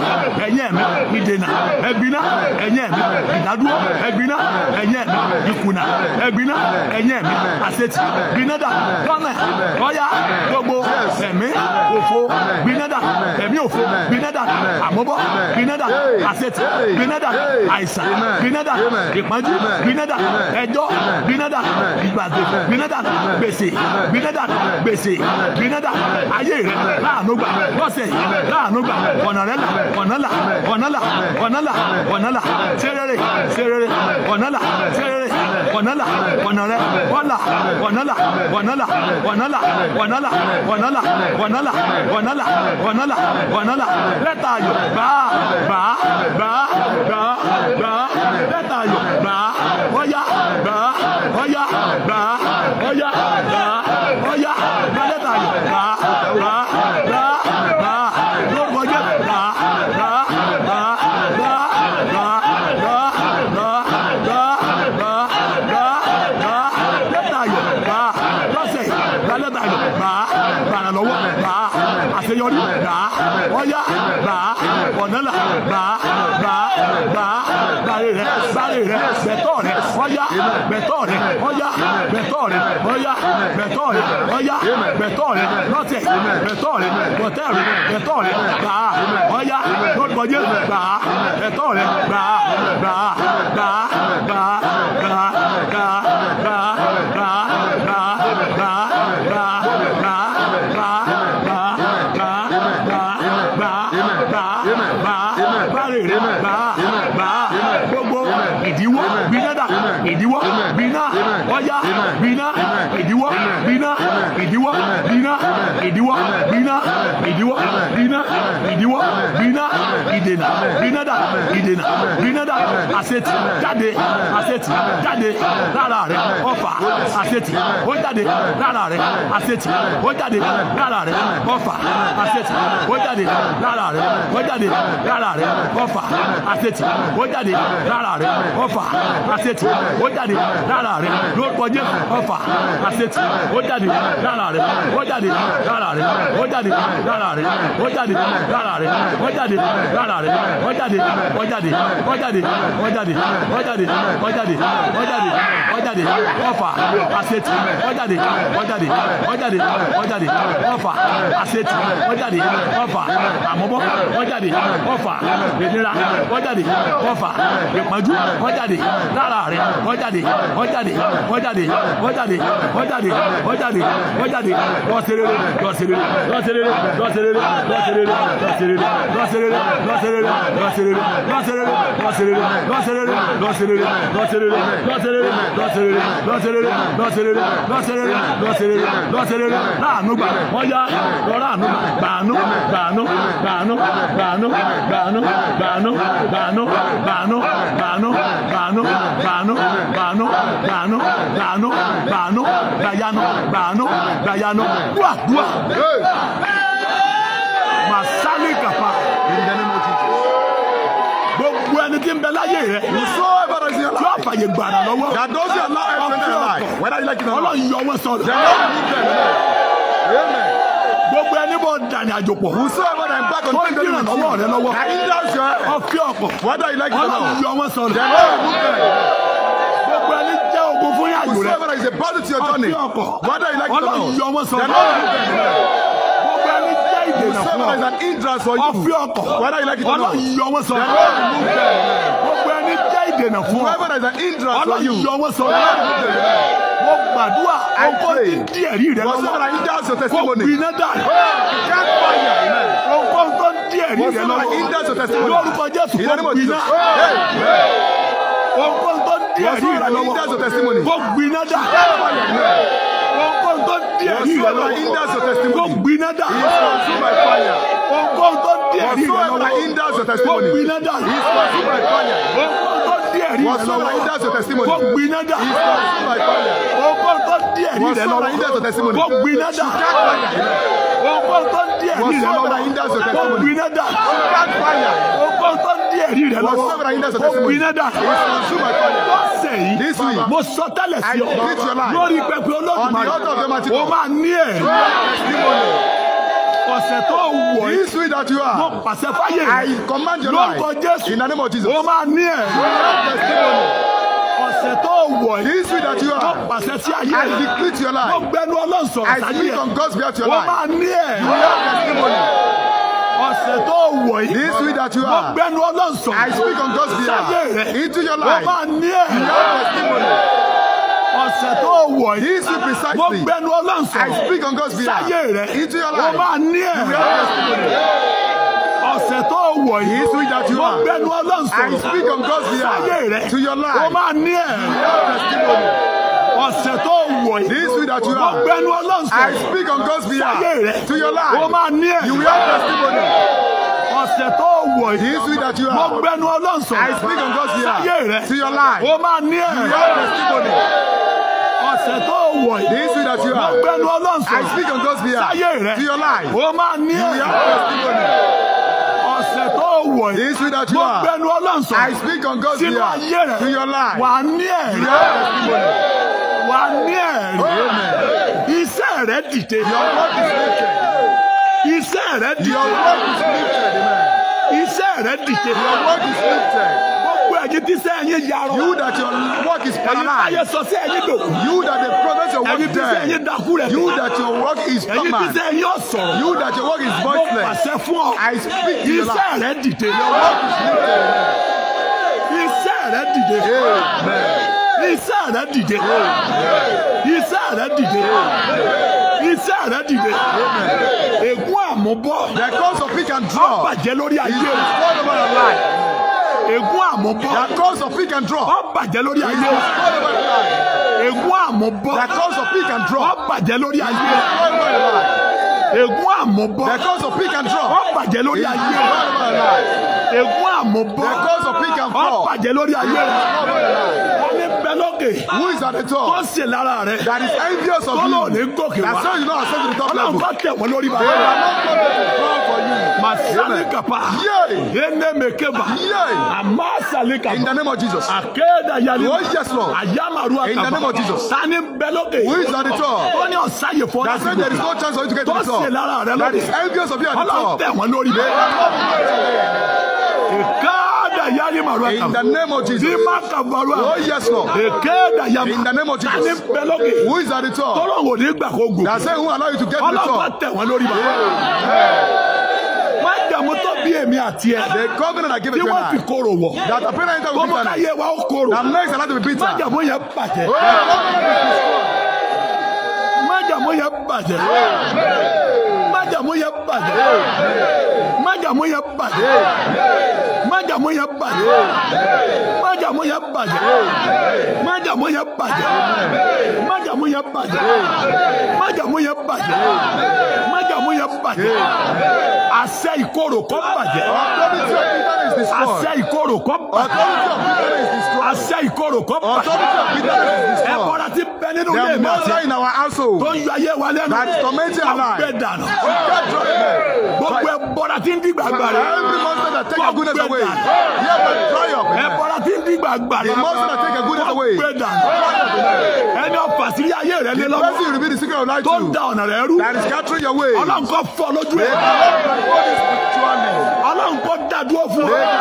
ẹ̀yìn ẹ̀mí ìdènà ẹ̀gbiná ẹ̀yìn ẹ̀mí ìdádúró ẹ̀gbiná ẹ̀yìn ẹ̀mí ìkùnà ẹ̀gbiná ẹ̀yìn ẹ̀mí àṣetì gbinada gánà ọ̀yá gbogbo ẹ̀mí òfo gbinada ẹ̀mí òfo gbinada àmúbọ̀ gbinada àṣetì gbinada àìsàn gbinada ìpọ́njú gbinada ẹjọ́ gbinada ìgbàdé gbinada gbèsè gbineda gbèsè gbineda ayé rẹ láàánú gbà lọ́sẹ̀ yìí láàánú gbà ọ̀nà rẹ là ọ̀nà là ọ̀nà là ọ̀nà là ọ̀nà là sẹ́rẹ́rẹ́ sẹ́rẹ́rẹ́ ọ̀nà là sẹ́rẹ́rẹ́ ọ̀nà là ọ̀nà rẹ ọ̀là ọ̀nà là ọ̀nà là ọ̀nà là ọ̀nà là ọ̀nà là ọ̀nà là ọ̀nà là ọ̀nà là ọ̀nà ọ̀yá bẹ̀tọ̀ rẹ̀ lọ́sẹ̀ bẹ̀tọ̀ rẹ̀ bọ̀tẹ̀ rẹ̀ bẹ̀tọ̀ rẹ̀ gbà á ọ̀yá lórúkọ Jésù gbà á bẹ̀tọ̀ rẹ̀ gbà á gbà á. àṣetì jáde àṣetì jáde lára rẹ ọfà àṣetì ó jáde lára rẹ àṣetì ó jáde lára rẹ ọfà àṣetì ó jáde lára rẹ ó jáde lára rẹ ọfà àṣetì ó jáde lára rẹ ọfà àṣetì ó jáde lára rẹ lórúkọ Jésù ọfà àṣetì ó jáde lára rẹ ó jáde lára rẹ ó jáde lára rẹ ó jáde lára rẹ ó jáde lára rẹ ó jáde ó jáde ó jáde wọ́n jáde wọ́n jáde wọ́n jáde wọ́n jáde wọ́n jáde wọ́n fà Aseti, wọ́n jáde wọ́n jáde wọ́n jáde wọ́n jáde wọ́n fà àṣetì wọ́n jáde wọ́n fà àmọ́bọ́ wọ́n jáde wọ́n fà ìnira wọ́n jáde wọ́n fà ìpọ́njú wọ́n jáde lára rẹ̀ wọ́n jáde wọ́n jáde wọ́n jáde wọ́n jáde wọ́n jáde wọ́n jáde wọ́n jáde wọ́n serere wọ́n serere wọ́n serere wọ́n serere wọ́n serere wọ́n serere wọ́n serere wọ́n serere wọ́n serere wọ́n serere wọ́n serere wọ́n serere lọ́sẹ̀rẹ̀rẹ̀ lọ́sẹ̀rẹ̀rẹ̀ lọ́sẹ̀rẹ̀rẹ̀ lọ́sẹ̀rẹ̀rẹ̀ lọ́sẹ̀rẹ̀rẹ̀ lọ́sẹ̀rẹ̀rẹ̀ lọ́sẹ̀rẹ̀rẹ̀ lọ́sẹ̀rẹ̀rẹ̀ lọ́sẹ̀rẹ̀rẹ̀ lọ́sẹ̀rẹ̀rẹ̀ láàánú gbà wọ́n yá lọ́rọ̀ àánú gbàánú gbàánú gbàánú gbàánú gbàánú gbàánú gbàánú gbàánú gbàánú gbàánú gbàánú gbàánú gbàánú gbàánú gbàánú gbàyanu gbàánú gbàyanu dùà dùà. Masali kapa ẹnikẹ́ni tí ń bẹ láyé rẹ. so ever is your life. yóò fàyè gbàrà lọ́wọ́. that those your life are your life. whether you like it ọlọ́run yọ wọ́n sọ̀rọ̀. the lord give gbogbo ẹni bọ̀ dàní àjòpọ̀. so ever is back on the table. ọlọ́run lọ́wọ́ rẹ lọ́wọ́. that is just your life. ọfẹ ọ̀pọ̀. wọ́n sọ̀rọ̀. the lord give them not. ọlọ́run yọ wọ́n sọ̀rọ̀. the lord give ìdènà fún ọ ọfí ọkọ ọlọ́run yọ wọ́n sọ gbogbo ẹni jẹ́ ìdènà fún ọ ọlọ́run yọ wọ́n sọ mo gbàdúrà ọkọ ti díẹ̀ rí rẹ lọ́wọ́ kó gbiná dànù ọkọ tó díẹ̀ rí rẹ lọ́wọ́ lórúkọ Jésù kó gbiná ọkọ tó díẹ̀ rí rẹ lọ́wọ́ kó gbiná ohun tó díẹ̀ ní ìrànlọ́wọ́ kó gbiná dà ohun tó díẹ̀ ní ìrànlọ́wọ́ kó gbiná dà ohun tó díẹ̀ rí rẹ lọ́wọ́ kó gbiná dà ọgbọ́n tó díẹ̀ rí rẹ lọ́wọ́ kó gbiná dà ọgbọ́n lọ́sẹ̀ yìí mo sọ tẹ́lẹ̀ sí ọ lórí pẹpẹ olódùmarè o máa ní ẹ̀rí ọ̀sẹ̀ tó wọ̀ yìí sweet that you are. mo pàṣẹ fáyé lórúkọ Jésù o máa ní ẹ̀rí ọ̀sẹ̀ tó wọ̀ yìí. this week that you are. mo pàṣẹ sí ayé rẹ. I decree to your life. mo gbẹnu ọlọ́sọ̀rọ̀ sáyé rẹ. I speak on God's behalf to your life. wọ́n máa ní ẹ̀. you have testimony ọ̀sẹ̀ tó wọ̀ yìí. this week that you are. mo gbẹnu ọlọ́run sọ. I speak on God's behalf. into your life. wọ́n máa ní ẹ̀. testimony ọ̀sẹ̀ tó wọ̀ yìí sí precisely mo gbẹnu ọlọ́run sọ I speak on God's behalf sáyé rẹ into your life o máa ní ẹ̀ ọ̀sẹ̀ tó wọ̀ yìí sí that you are mo gbẹnu ọlọ́run sọ I speak on God's behalf sáyé rẹ to your life o máa ní ẹ̀ ọ̀sẹ̀ tó wọ̀ yìí. this week that you are. mo gbẹnu I speak on God's behalf. to your life. o máa ní ẹ̀. you will have testimony. ọ̀sẹ̀ tó wọ̀ yìí. this week that you are. mo gbẹnu ọlọ́run I speak on God's behalf. to your life. o máa ní ẹ̀. you will have testimony. ọ̀sẹ̀ tó wọ̀ yìí. this week that you are. mo gbẹnu ọlọ́run I speak on God's behalf. to your life. o máa ní ẹ̀. you will have testimony ọ̀sẹ̀ tó wọ̀ yìí. this week that you are. mo gbẹnu ọlọ́sọ̀. I speak on God's behalf. to your life. wà á ní ẹ̀. you are a testimony. He He said said that that your your is is lifted. lifted. wà ní that the rẹ dìde iṣẹ́ rẹ dìde iṣẹ́ rẹ dìde gbogbo ẹ̀yin tí sẹ́ ẹ̀yin yarọ ẹ̀yin táyé sọ You that your work is sẹ́ ẹ̀yin dákú rẹ̀ ẹ̀yin tí sẹ́ ẹ̀yin ọ̀sọ̀rọ̀ mo pàṣẹ fún ọ iṣẹ́ rẹ dìde iṣẹ́ rẹ dìde. iṣẹ́ rẹ dìde iṣẹ́ rẹ dìde iṣẹ́ rẹ dìde ègún àmúbọ̀. the cause of pick and draw. ọ̀bàjẹ́ lórí ayé o. is part of our life. ègún àmúbọ̀. the cause of pick and draw. ọ̀bàjẹ́ lórí ayé o. is àmúbọ̀. the cause of pick and draw. ọ̀bàjẹ́ lórí ayé o. is àmúbọ̀. the cause of pick and draw. ọ̀bàjẹ́ lórí ayé o. is part àmú bọ́. the cause of pick and fall. ọ̀pàjẹ́ lórí ayé rẹ̀. ọ̀nì bẹ́lọ́gẹ̀. who is at the top. tó ṣe lára rẹ̀. that is envious of you. tọ́lọ̀ ní gòkè wá. that's why you no accept the top level. ọlọ́run kọ́ tẹ̀ wọ́n lórí bàbá. they are not going to be proud for you. masali mekeba. àmọ́ sali in the name of Jesus. akéda yali. oh yes lord. àyàmàrú àkàbà. in the name of Jesus. sani bẹ́lọ́gẹ̀. who is at the top. ó ní ọ̀sáyè fọ́ that's why there is no chance for you to get to the top. tó lára rẹ̀ lórí. that is envious of you at the top. ọlọ́run tẹ̀ wọ́n lórí bàbá. In the name of Jesus. Oh, yes, Lord. In the name of Jesus. Who is at the top? That's who allow you to get to the top. Májàmú tó bí èmi àti ẹ. The governor that gave a prayer. Tí wọ́n fi That the parent that will be bitter. Kọ́mọ ká yẹ wa That next allowed to be bitter. Májàmú yẹn bàjẹ́. Májàmú yẹn bàjẹ́. Májàmú yẹn bàjẹ́. Májàmú yẹn bàjẹ́ májàmú yẹn bàjẹ́ májàmú yẹn bàjẹ́ májàmú yẹn bàjẹ́ májàmú yẹn bàjẹ́ májàmú yẹn bàjẹ́ májàmú yẹn bàjẹ́ àṣẹ ìkorò kó bàjẹ́ àṣẹ ìkorò kó bàjẹ́ àṣẹ ìkorò kó bàjẹ́ ẹ bọ́ra tí bẹ nínú ilé mi àti ẹ tó ń yọ ayé wa lẹ́nu wọ́n gbẹ dànù gbogbo ẹ bọ́ra tí ń dìgbà gbà rẹ wọ́n gbẹ dànù ẹ bọ́ra tí ń dìgbà gbà rẹ wọ́n gbẹ dànù ẹni ọ̀fà sí ayé rẹ lé lọ́wọ́ tó ń da ọ̀nà rẹ rú ọlọ́nkọ́ fọ́ lójú ẹ ọlọ́nkọ́ dàdúró fún ọ.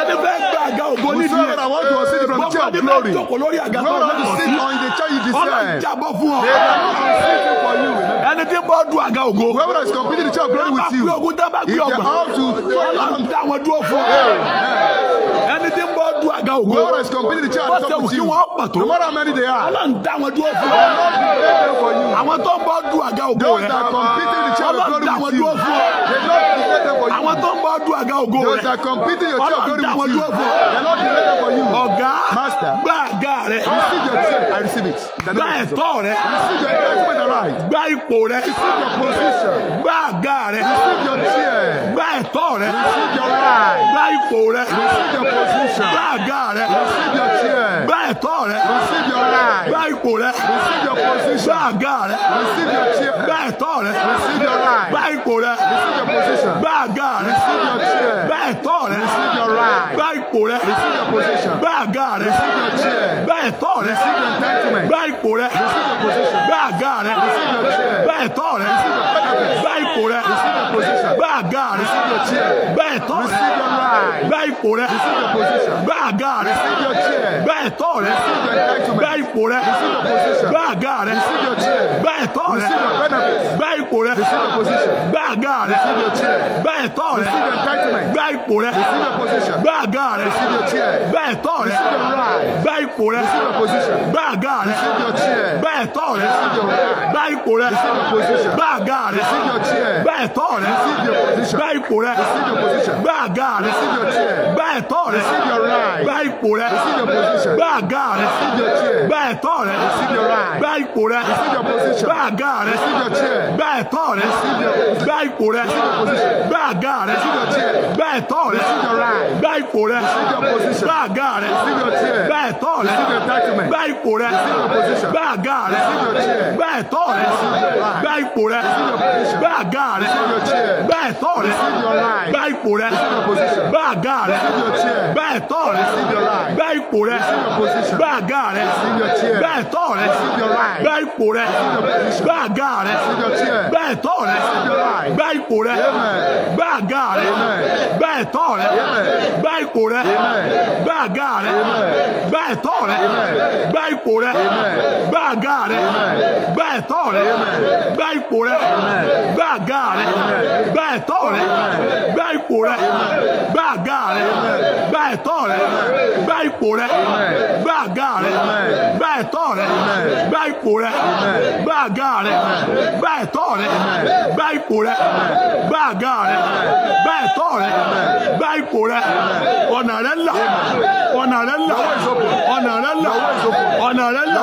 ẹni fẹ́ gba àga ògo nídìí ẹ̀ gbogbo ẹni fẹ́ jókòó lórí àga tó náà sí ọlọ́run jábọ́ fún ọ ẹni tí bọ́ du àga ògo dábàá pé ogun dábàá pé ọgbà ọlọ́run dáwọn dúró fún ọ ẹni tí bọ́ du ga ògo. God has completed the challenge of the team. bọ́sẹ̀ kí wọ́n pàtó. no matter how many they are. ọlọ́run dá wọn dúró fún ọ. àwọn tó ń bọ́ du àga ògo rẹ. those that completed the challenge of God with you. ọlọ́run dá wọn dúró fún ọ. the Lord created for you. àwọn tó ń bọ́ du àga ògo rẹ. those that completed your challenge of God with you. ọlọ́run dá wọn dúró fún ọ. the Lord created for you. ọ̀gá gba àga rẹ. receive your check and receive it. gba ẹ̀tọ́ rẹ. receive your entitlement and right. gba ipò rẹ. receive your position. gba àga rẹ. receive your chair. gba ẹ̀tọ́ receive your right. gba ipò receive your position. gba àga àlàáfíà rẹ. Receive your chair. Gba ẹ̀tọ́ rẹ. Receive your right. Gba ipò rẹ. Receive your position. Gba àga rẹ. Receive your chair. Gba ẹ̀tọ́ rẹ. Receive your right. Gba ipò rẹ. Receive your position. àga rẹ. receive your chair. Bad ẹ̀tọ́ rẹ. receive your right. Bad ipò rẹ. receive your position. Bad àga rẹ. receive your chair. Bad ẹ̀tọ́ rẹ. receive your entitlement. Bad ipò rẹ. receive your position. Bad àga rẹ. receive your chair. Bad ẹ̀tọ́ rẹ. receive your entitlement. Bad ipò rẹ. receive your position. Bad àga rẹ. receive your chair. Bad ẹ̀tọ́ rẹ. receive your right. Bad ipò rẹ. receive your position. Bad àga rẹ. receive your chair. Bad ẹ̀tọ́ rẹ. receive your entitlement. Bad ipò rẹ. receive your position. Bad àga rẹ. receive your chair. Bad ẹ̀tọ́ rẹ. receive your benefit. bá ipò receive your position. bá àga receive your chair. ẹ̀tọ́ rẹ gba ipò rẹ gba àga rẹ gba ẹ̀tọ́ rẹ gba ipò rẹ gba àga rẹ gba ẹ̀tọ́ rẹ gba ipò rẹ gba àga rẹ gba ẹ̀tọ́ rẹ gba ipò rẹ gba àga rẹ gba ẹ̀tọ́ rẹ gba ipò rẹ gba àga chair. gba ẹ̀tọ́ rẹ gba ipò rẹ gba àga rẹ gba ẹ̀tọ́ rẹ gba ipò rẹ gba gba àga rẹ gba ẹ̀tọ́ rẹ gba ipò rẹ gba àga rẹ gba ẹ̀tọ́ rẹ gba ipò rẹ gba àga rẹ gba ẹ̀tọ́ rẹ gba ipò rẹ gba àga rẹ gba ẹ̀tọ́ rẹ gba ipò rẹ gba àga rẹ gba ẹ̀tọ́ rẹ gba ipò rẹ gba àga rẹ gba ẹ̀tọ́ rẹ gba ipò rẹ gba àga rẹ gba ẹ̀tọ́ rẹ gba ipò rẹ gba àga rẹ gba ẹ̀tọ́ rẹ gba ipò rẹ gba àga rẹ gba ẹ̀tọ́ rẹ gba ipò rẹ gba àga rẹ gba ẹ̀tọ́ rẹ gba ipò rẹ gba àga rẹ gba ẹ̀tọ́ rẹ gba ipò rẹ gba àga rẹ gba ẹ̀tọ́ rẹ gba ipò rẹ gba àga rẹ gba ẹ̀tọ́ rẹ gba ipò rẹ gba àga rẹ gba ẹ̀tọ́ rẹ gba ipò rẹ gba àga rẹ gba ẹ̀tọ́ rẹ gba ipò rẹ ọ̀nà rẹ là ọ̀nà rẹ là ọ̀nà rẹ là ọ̀nà rẹ là.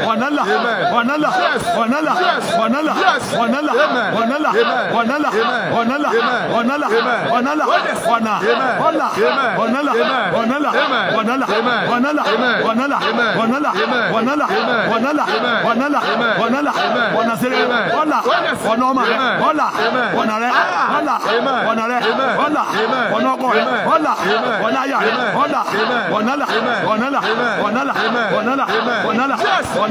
ọ̀nà là ọ̀nà là ọ̀nà là ọ̀nà là ọ̀nà là ọ̀nà là ọ̀nà là ọ̀nà là ọ̀nà là ọ̀nà là ọ̀nà ọ̀là ọ̀nà là ọ̀nà là ọ̀nà là ọ̀nà là ọ̀nà là ọ̀nà là ọ̀nà là ọ̀nà là ọ̀nà là ọ̀nà là ọ̀nà sẹ́rẹ̀ ọ̀là ọ̀nà ọmọ rẹ ọ̀là ọ̀nà rẹ ọ̀là ọ̀nà rẹ ọ̀là ọ̀nà ọkọ rẹ ọ̀là ọ̀nà aya rẹ ọ̀là ọ̀nà là ọ̀nà là ọ̀nà là ọ̀nà là ọ̀nà là ọ̀nà là ọ̀nà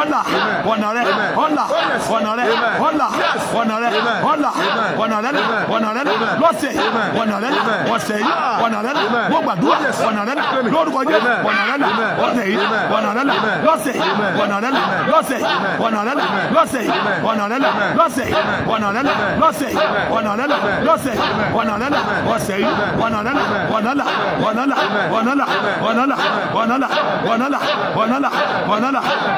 ọ̀là ọ̀nà rẹ ọ̀là ọ̀nà rẹ ọ̀là ọ̀nà rẹ ọ̀là ọ̀nà rẹ ọ̀nà rẹ lọ́sẹ̀ ọ̀nà rẹ ọ̀sẹ̀ yìí ọ̀nà rẹ wọ́n gbàdúrà ọ̀nà rẹ lórúkọ jẹ́ ọ̀nà rẹ ọ̀sẹ̀ yìí ọ̀nà rẹ lọ́sẹ̀ ọ̀nà rẹ lọ́sẹ̀ ọ̀nà rẹ lọ́sẹ̀ ọ̀nà rẹ lọ́sẹ̀ ọ̀nà rẹ lọ́sẹ̀ ọ̀nà rẹ lọ́sẹ̀ ọ̀nà rẹ ọ̀sẹ̀ yìí ọ̀nà rẹ ọ̀nà la ọ̀nà la ọ̀nà la ọ̀nà la ọ̀nà la ọ̀nà la ọ̀nà la ọ̀nà la.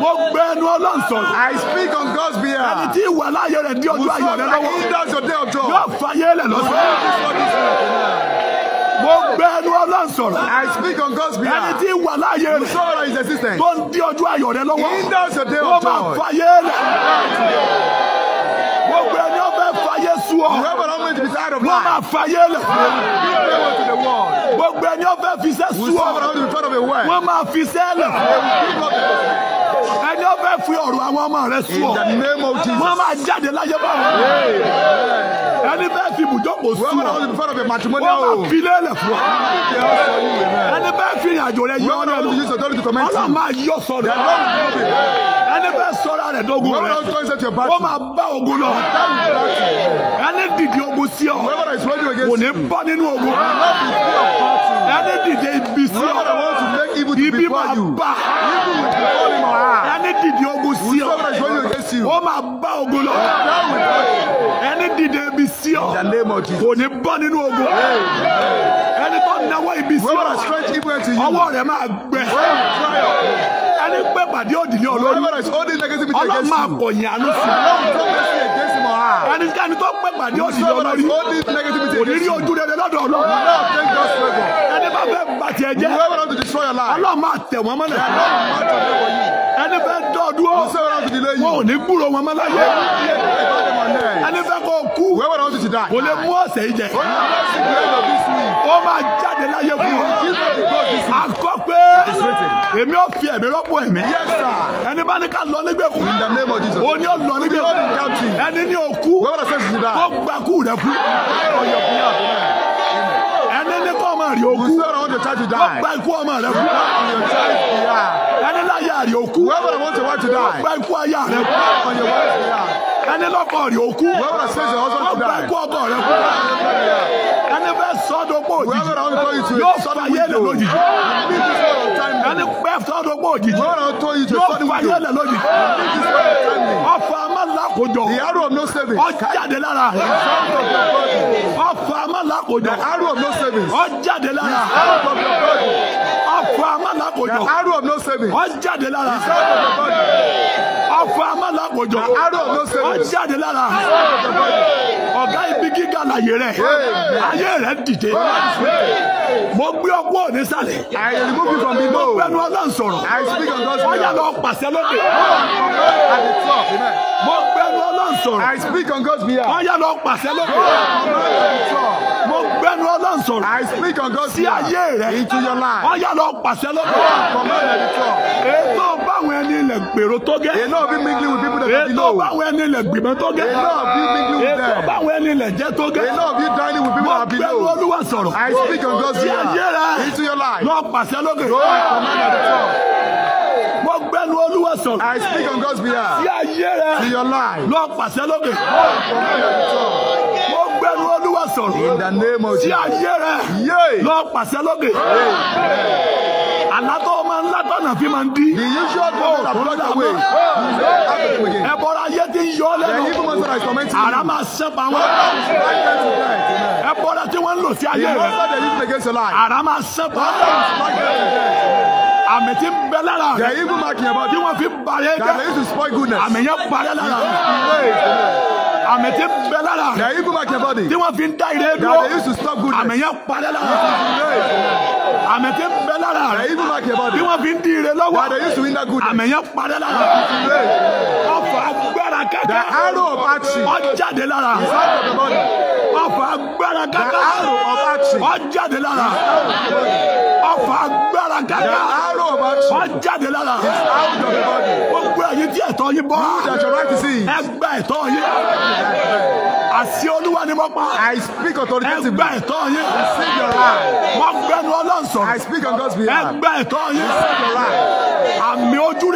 mo gbé ẹnu ọlọ́run sọ̀rọ̀. I speak on God's behalf. ẹni tí ìwà láàyè rẹ̀ di ọjọ́ ayọ̀ rẹ lọ́wọ́. He does your day of yóò fàyè lẹ̀ lọ́sọ̀rọ̀ mo gbé ẹnu ọlọ́run sọ̀rọ̀. I speak on God's behalf. ẹni tí wà láàyè rẹ̀. musa ọ̀rọ̀ is existence. tó ń di ọjọ́ ayọ̀ rẹ lọ́wọ́. he does your day of joy. wọ́n máa fàyè rẹ̀. mo gbé ẹni ọbẹ̀ fàyè sú ọ. you máa fàyè rẹ̀. mo gbé ẹni ọbẹ̀ fisẹ́ ẹni ó fẹ́ fi ọ̀rọ̀ àwọn ọmọ rẹ sùn ọ wọ́n máa jáde láyé báwọn ẹni bẹ́ẹ̀ fi ibùjókòó sùn ọ wọ́n máa fi lélẹ̀ fún ọ ẹni bẹ́ẹ̀ fi ìrìnàjò rẹ yọ ọ lẹ́nu ọlọ́run máa yọ sọ̀rọ̀ ẹni bẹ́ẹ̀ sọ̀rọ̀ rẹ̀ dógún rẹ wọ́n máa bá ogun lọ ẹni dìde ogun sí ọ kò ní bọ́ nínú ogun ẹni dìde ibi sí ọ ibi máa you, ẹni dìde ogun sí ọ ó máa bá ogun lọ ẹni dìde ibi sí ọ kò ní bọ́ nínú ogun ẹni tó náwó ibi sí ọ ọwọ́ rẹ̀ máa gbẹ ẹni pé pàdé òdìlé olórí ọlọ́run máa kọ̀ yín àánú sí i ẹnikẹ́ni tó pé pàdé òdìlé olórí kò ní rí ojú rere lọ́dọ̀ ọlọ́run ẹni bá fẹ́ bàtì ẹ jẹ́ ọlọ́run máa tẹ̀ wọ́n mọ́lẹ̀ ẹni fẹ́ dọ́ọ̀dúró wọn ò ní gbúrò wọn mọ́lẹ̀ ẹni fẹ́ kó kú kò lè mú ọ̀sẹ̀ yìí jẹ ó máa jáde láyé fún ọ akọ pé èmi ò fi ẹ̀mí rọ́pò ìgbèkùn ẹ̀mí. ẹni bá ní ká lọ nígbèkùn. in the name of Jesus. o ní o lọ nígbèkùn. ẹni ní o kú. wọ́n rẹ̀ sẹ́sì dá. ó gba kú rẹ̀ kú. ẹni ní kọ́ ọmọ rẹ̀ o kú. ó gba ikú ọmọ rẹ̀ kú. ẹni láyà rẹ̀ o kú. ó gba ikú ayà rẹ̀ kú. ẹni lọ́kọ̀ rẹ̀ o kú. ó gba ikú ọkọ̀ rẹ̀ saw saw the the the No, ẹni fẹ́ sọ́dọ̀gbọ̀ òjijì yóò fà yé lè lójijì ẹni fẹ́ sọ́dọ̀gbọ̀ òjijì yóò fà yé lè lójijì ọ̀fọ̀ amálákòjọ ọ̀jáde lára ọ̀fọ̀ amálákòjọ ọ̀jáde lára ọ̀fọ̀ amálákòjọ ọ̀jáde No, ọ̀fọ̀ amálákòjọ ọ̀jáde lára ọ̀gá ibi gíga láyé rẹ̀ ayé rẹ̀ dìde mo gbé ọgbọ́n nísàlẹ̀. I remove you from the low. mo gbẹnu ọlọ́run sọ̀rọ̀. I speak on God's will. wọ́n yà lọ pàṣẹ lókè. mo gbẹnu ọlọ́run sọ̀rọ̀. I speak on God's will. wọ́n yà lọ pàṣẹ lókè. mo gbẹnu ọlọ́run sọ̀rọ̀. I speak on God's will. sí ayé rẹ. into your life. wọ́n yà lọ pàṣẹ lókè. ètò báwọn ẹni ilẹ̀ gbèrò tó gẹ́. èlò bí mingling with people that are below. ètò báwọn ẹni ilẹ̀ gbìmọ̀ tó gẹ́. èlò bí mingling with them. ètò báwọn ẹni ilẹ̀ jẹ́ tó gẹ́. èlò bí dining with people that are below. mo gbẹnu olúwa sọ̀rọ̀. I speak on God's sí ayé rẹ lọ pàṣẹ lókè mo gbẹnu olúwa sọ. I speak on God's behalf. sí ayé rẹ to your life lọ pàṣẹ lókè mo gbẹnu olúwa sọ̀rọ̀. in the name of Jesus. sí ayé rẹ lọ pàṣẹ lókè àlá tó ọ̀nà fi máa ń di. the usual goal that block the way. ẹbọra ayé ti ń yọ ọ lẹ́nu. ara máa ṣẹ́ pa wọ́n. ẹbọra tí wọ́n ń lò sí ayé rẹ̀. ara máa ṣẹ́ pa àmì tí bẹ lára rẹ. wọ́n fi bàrẹ̀ jẹ́. Àmì yẹn bàrẹ̀ lára àmì tí bẹ lára. na evil mark your body. tí wọ́n fi ń dá ire dúró. na they used to stop goodness. àmì yẹn parẹ́ lára. àmì tí bẹ lára. na evil mark your body. tí wọ́n fi ń di ire lọ́wọ́. na they used to hinder goodness. àmì yẹn parẹ́ lára. ọfà agbára kẹkẹ. the arrow of action. ọjáde lára. is out of the ọfà agbára kẹkẹ. the arrow of action. ọjáde lára. ọfà agbára kẹkẹ. the arrow of action. ọjáde lára. is out of the body. gbogbo ẹ̀yin tí ẹ̀tọ́ yín bọ́. you that to see. ẹgbẹ́ ẹ̀tọ́ yín. Happy birthday. àṣẹ olúwa ni mo pa. I speak authoritatively. ẹgbẹ́ ẹ̀tọ́ yín. speak your right. wọ́n gbẹ́nu ọlọ́run sọ̀rọ̀. I speak on God's behalf. ẹgbẹ́ ẹ̀tọ́ yín. Receive your right. àmì ojú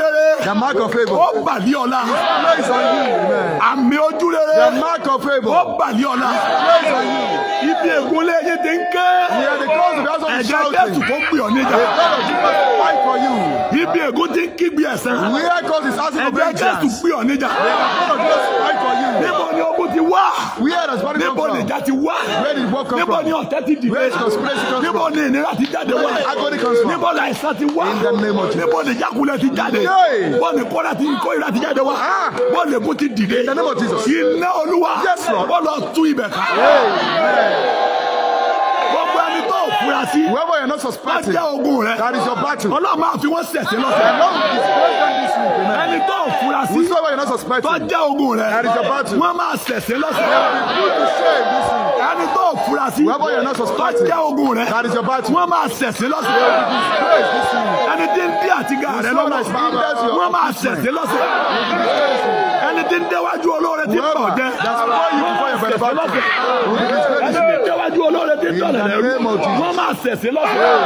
The mark of favour. ó bàlí ọ̀la. His place on you. àmì ojú The mark of favour. ó bàlí ọ̀la. His place on you. ibi ègúnlé yín ti ń ké. We are the cause of the house of shouting. ẹ̀jẹ̀ Jésù kò gbé ọ níjà. The God of Jesus fight for you. ibi ègún ti ń kígbe ẹ̀sán. We are cause is asking for vengeance. ẹ̀jẹ̀ Jésù gbé ọ níjà. The God of Jesus fight for you. níbo ni ogun ti wá where does money come from níbo ni ìjà ti wá where did work come from níbo ni ọ̀tẹ̀ ti dìde where does conspiracy come from níbo ni ìnira ti jáde wá níbo ni àìsàn ti wá níbo ni ìjákulẹ̀ ti jáde níbo ni kọ́ra ti kóra ti jáde wá níbo ah! ni ègún ti dìde iná olúwa bọ́ọ̀lù ọ̀tún ibẹ̀ ká fura sí. whoever you are not suspecting. ogun rẹ. that is your battle. ọlọ́run máa fi wọ́n sẹ̀sẹ̀ lọ́sẹ̀. the Lord is present this week. ẹni tó fura sí. whoever you are not suspecting. tó jẹ́ ogun rẹ. that is your battle. wọ́n máa sẹ̀sẹ̀ lọ́sẹ̀. ẹni tó fura sí. whoever you are not suspecting. ogun rẹ. that is your battle. wọ́n máa sẹ̀sẹ̀ lọ́sẹ̀. ẹni tí ń dí àtìgá rẹ lọ́nà. wọ́n ẹni tí ń déwájú olóore ti pọ̀ jẹ́. that's why béwájú olóore tí ń dọ̀lẹ̀ rẹ̀ rú wọ́n máa ṣẹ̀ṣẹ̀ lọ́sọ̀rọ̀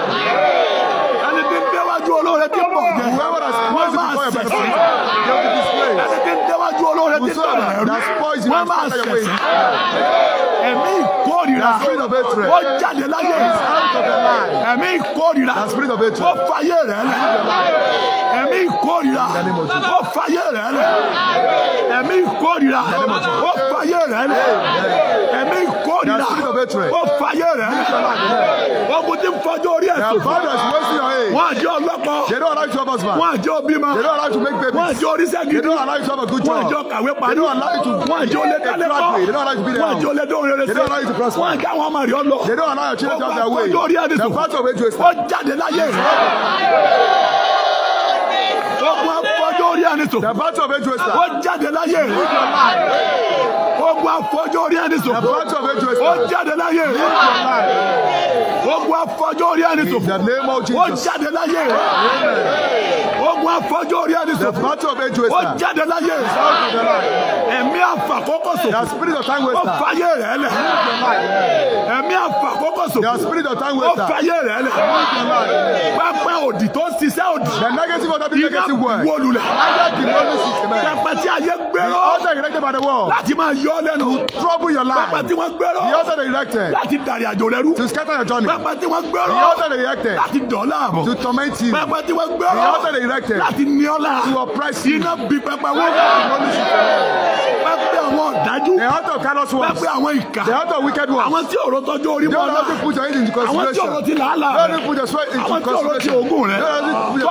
ẹni tí ń béwájú olóore tí ń jẹ́ wọ́n máa ṣẹ̀ṣẹ̀ ẹni tí ń béwájú olóore tí ń rẹ̀ rú wọ́n máa ṣẹ̀ṣẹ̀ ẹ̀mí ìkórìíra ó jáde láyé ẹ̀mí ìkórìíra ó fayé rẹ̀ lẹ̀ ẹ̀mí ìkórira ó fàyè rẹ̀ lẹ̀ ẹ̀mí ìkórira ó fàyè rẹ̀ lẹ̀ ẹ̀mí ìkórira. They They They They of good good job job job job. job job bad? don't don't don't don't allow allow allow allow you you you you to to to to. have have a a be make babies. is let them dà ó fàyè rẹ̀ ogun ti ń fọjọ́ orí ẹ̀sùn wọn àjẹ́ ọlọ́kọ wọn àjẹ́ They don't allow you to prosper. àjẹ́ kàwé one wọn àjẹ́ olédálẹ́kọ́ wọn àjẹ́ olédóorẹ́rẹ́sẹ́ wọn àjẹ́ àwọn ọmọ rẹ̀ ọlọ́ ó fọjọ́ of ẹ̀sùn ó jáde they lie? ẹni the battle of age waster. ó jáde láyé. ogun afọjọ́ orí ẹni sùn. the battle of age waster. ó jáde láyé. ogun afọjọ́ orí ẹni sùn. the name of Jesus. ó jáde láyé. ogun afọjọ́ orí ẹni sùn. the battle of age waster. ó jáde láyé. ẹ̀mí àfàkókò sùn. the spirit of time waster. ó fàyè rẹ̀ lẹ̀. ẹ̀mí àfàkókò sùn. the spirit of time waster. ó fàyè rẹ̀ lẹ̀. pápá òdì tó ń ṣiṣẹ́ òdì. the negative order be negative word. iná wọlulẹ̀. That did not lose its man. Pẹpẹ tí ayé gbéró. The altar erected by the world. Láti máa yọ lẹ́nu. Trouble your life. Pẹpẹ tí wọ́n The altar erected. Láti dàrí àjò rẹ rú. To scatter your journey. Pẹpẹ tí wọ́n The altar erected. Láti dọ̀ọ́lá àbọ̀. To torment you. Pẹpẹ tí wọ́n The altar erected. Láti ní ọ̀la. To oppress you. Iná bí pẹpẹ wọ́n. That did not lose its man. Pẹpẹ àwọn ọ̀dájú. The altar of callous Pẹpẹ àwọn ìkà. The altar of wicked ones. Àwọn tí ọ̀rọ̀ tọ́jú orí mọ́ náà. Don't let me put your head into consideration. Àwọn tí ọ̀rọ̀ ti làálàá. put your sweat into consideration. Àwọn tí ọ̀rọ̀ ti ògùn put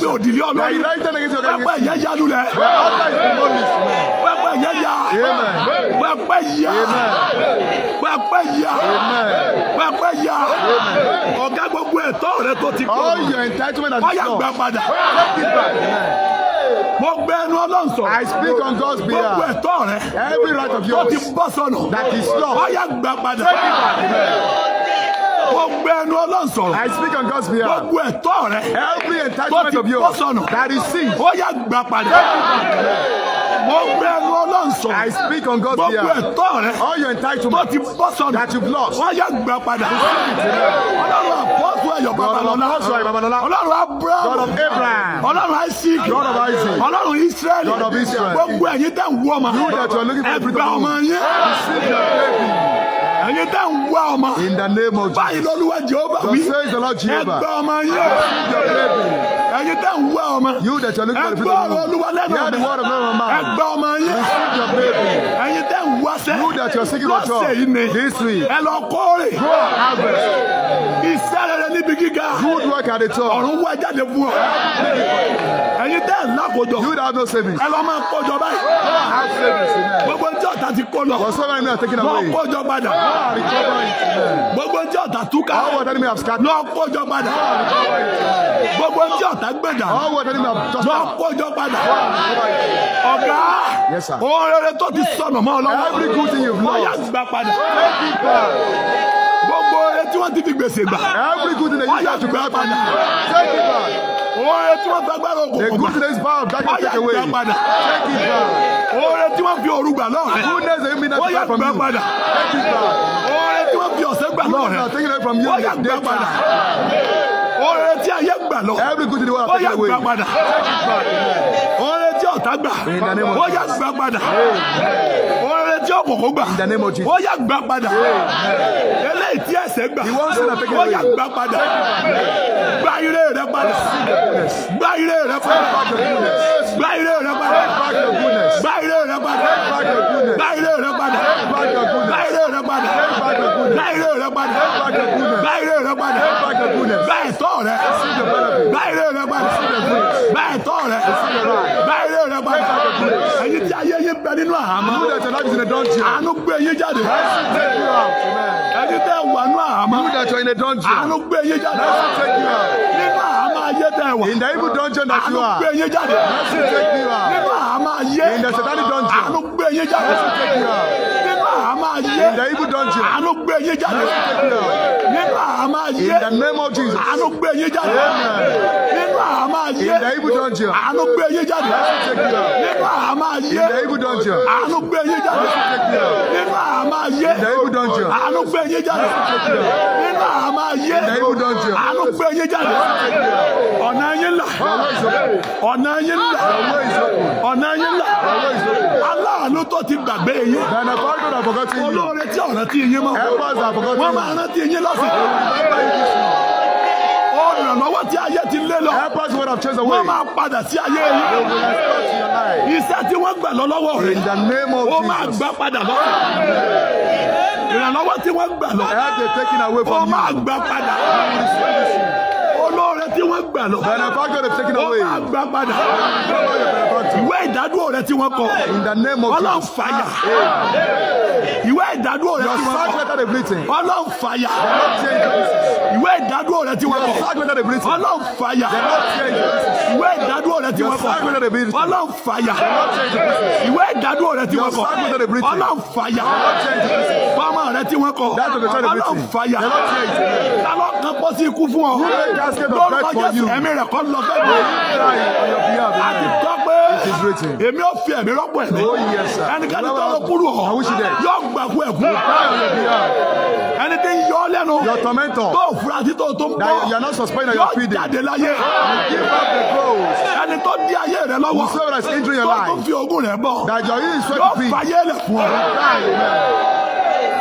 your sweat into The erected yẹn ya lulẹ̀. Pẹpẹ yẹn ya. Pẹpẹ ya. Pẹpẹ ya. Pẹpẹ ya. Ọ̀gá gbogbo ẹ̀tọ́ rẹ tó ti kọ́. All your entitlement has been gone. Ọ̀yà gbà padà mo gbé ẹnu ọlọ́run sọ. I speak on God's behalf. gbogbo ẹ̀tọ́ rẹ. every right of yours. tó ti bọ́ sọnù. that is law. wáyà gbà padà. mo gbé ẹnu ọlọ́run sọ. I speak on God's behalf. gbogbo ẹ̀tọ́ rẹ. every entitlement of yours. tó ti bọ́ sọnù. that is sin. wáyà gbà padà. mo gbé ẹnu ọlọ́run sọ. I speak on God's behalf. gbogbo ẹ̀tọ́ rẹ. all your entitlement. tó ti bọ́ sọnù. that you lost. wọ́n yẹ gbẹ padà. ọlọ́run àpọ́sù ẹ̀yọ̀ babalọ́lá. ọlọ́run àpọ́sù ẹ̀yọ̀ babalọ́lá. ọlọ́run Abraham. God of Isaac. God of Isaac ọlọ́run israẹli gbogbo ẹ̀yin tẹ̀ ń wú ọmọ ẹgbẹ́ ọmọ yẹn ẹ̀yin tẹ̀ ń wú ọmọ báyìí lọ́lúwa jehova wí ẹgbẹ́ ọmọ yẹn ẹ̀yin tẹ̀ ń wú ọmọ ẹgbẹ́ ọmọ olúwa lẹ́nu ọmọ ẹgbẹ́ ọmọ yẹn ẹ̀yin tẹ̀ olúwa sẹ́ you that you are seeking for job lọ́sẹ̀ yìí ni this week ẹ lọ kórè go and harvest iṣẹ́ rere níbi gíga good work at the top ọ̀run wá jáde fún ọ ẹ̀yin tẹ́ ẹ̀ you that have no savings ẹ lọ máa kójọ báyìí have savings gbogbo tí ọ̀tá ti kó lọ for so many now taking away lọ kójọ padà gbogbo tí ọ̀tá túká all what enemy have scattered lọ kójọ padà gbogbo tí ọ̀tá gbẹ̀dà all what enemy have just lọ kójọ padà ọ̀gá ohun rere tó ti sọnù mọ́ ọ every good thing you've lost. thank gbà padà. Take it back. Gbogbo etí wọ́n ti Every good thing that you have to grab padà. Take it back. Oore tí wọ́n gbàgbára ògùn. The good things power that you take away. Wáyà gbà padà. Take it back. Oore tí wọ́n fi òru gbà náà rẹ̀. Goodness that you mean that you have get from me. Wáyà gbà padà. Take it back. Oore tí wọ́n fi ọ̀sẹ̀ gbà náà rẹ̀. Wáyà gbà you Oore to ayé gbà lọ. Every good thing that you take away. Wáyà gbà padà. Take it back. Oore tí ọ̀tá gbà. Wáyà gbà padà tí òkòkò gbà ó yà gbà padà eléyìí tí ẹsẹ̀ gbà ó yà gbà padà gba ire rẹ padà gba ire rẹ padà gba ire rẹ padà gba ire rẹ padà gba ire rẹ padà gba ire rẹ padà gba ire rẹ padà gba ire rẹ padà gba ìtọ́ rẹ gba ire ń bẹ nínú àhámọ́. Who that your life is in a dungeon. Àánú gbé yín jáde. take you out. Ẹni tẹ́ wà nínú àhámọ́. Who that you are in a dungeon. Àánú gbé yín jáde. take you out. Nínú àhámọ́ ayé tẹ́ wà. In the evil dungeon that you are. Àánú gbé yín jáde. take you out. Nínú àhámọ́ ayé. In the satanic dungeon. Àánú gbé yín jáde. take you out. In the ayé àánú gbé yín jáde nínú àmà Jesus. àánú gbé yín jáde nínú àmà ayé àánú gbé yín jáde nínú àmà ayé àánú gbé yín jáde nínú àmà ayé àánú gbé yín jáde nínú àmà ayé àánú gbé yín jáde ọ̀nà yín là ọ̀nà yín là ọ̀nà yín là aláàánú tó ti gbàgbé yín olóore tí ọ̀ràn tí eyín mọ́ wọ́n máa rántí eyín lásìkò ìrànlọ́wọ́ tí ayé ti lé lọ. help us word of chase wọ́n máa padà sí ayé yìí. iṣẹ́ tí wọ́n gbà lọ́wọ́ rẹ̀. the name ó máa gbà padà lọ. ìrànlọ́wọ́ tí wọ́n gbà lọ. ó máa gbà padà. olóore tí wọ́n gbà lọ. ó máa gbà padà ìdádúró rẹ tí wọ́n kọ ọlọ́run fàyà ìwé ìdádúró rẹ tí wọ́n kọ ọlọ́run fàyà ìwé ìdádúró rẹ tí wọ́n kọ ọlọ́run fàyà ìwé ìdádúró rẹ tí wọ́n kọ ọlọ́run fàyà ìwé ìdádúró rẹ tí wọ́n kọ ọlọ́run fàyà fọ́mọ rẹ tí wọ́n kọ ọlọ́run fàyà lálọ́ kan pọ́ sí ikú fún ọ lórúkọ jésù ẹ̀mí rẹ̀ kọ́ lọ fẹ́ bọ́ àti tọ́ èmi ò fi ẹ̀mí rọ́pò ẹ̀mí oh, ẹnikẹ́ni tó lọ kúrò ọ̀ yóò gbàgbó ẹ̀kú ẹni tí ń yọ ọ́ lẹ́nu tó fura sí tó tó ń bọ̀ yóò jáde láyé ẹni tó di ayé rẹ lọ́wọ́ tó tó fi ogún rẹ bọ̀ yóò fàyè lẹ̀ fún ọ.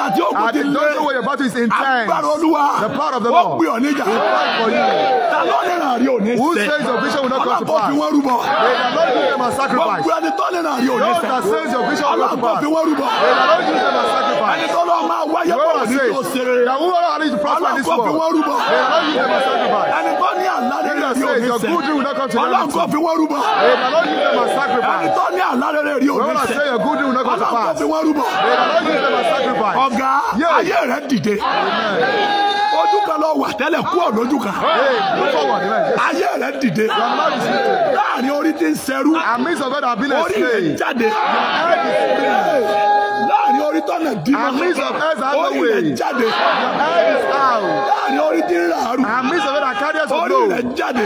wàhálà tí ó kù ti lé. your battle is intense. agbára the power of the Lord. ó gbé ọ níjà. he fight for you. ta ló rí òní sẹ. who says your vision will not come to pass. ọlọ́pàá fi wọ́n rúbọ. may the Lord use them as sacrifice. gbogbo ẹni tó lè ràn rí òní sẹ. those that says your vision will not come to pass. ọlọ́pàá fi wọ́n rúbọ. may the Lord use them as sacrifice. ẹni tó lọ máa wáyé bọ̀rọ̀ ní tó ṣeré. the woman who is prosper this the Lord use them as sacrifice. ẹni tó ní àlá rẹ̀ rí òní sẹ. ọlọ́pàá the Lord use them sacrifice ọ̀gá ayé rẹ̀ dìde ojú kan lọ wà tẹ́lẹ̀ kú ọ̀lójú kan ayé rẹ̀ dìde láàrin orí tí ń sẹ́rú orí rẹ̀ jáde láàrin orí tọ́nà dínà orí rẹ̀ jáde láàrin orí tí ń ràárù orí rẹ̀ jáde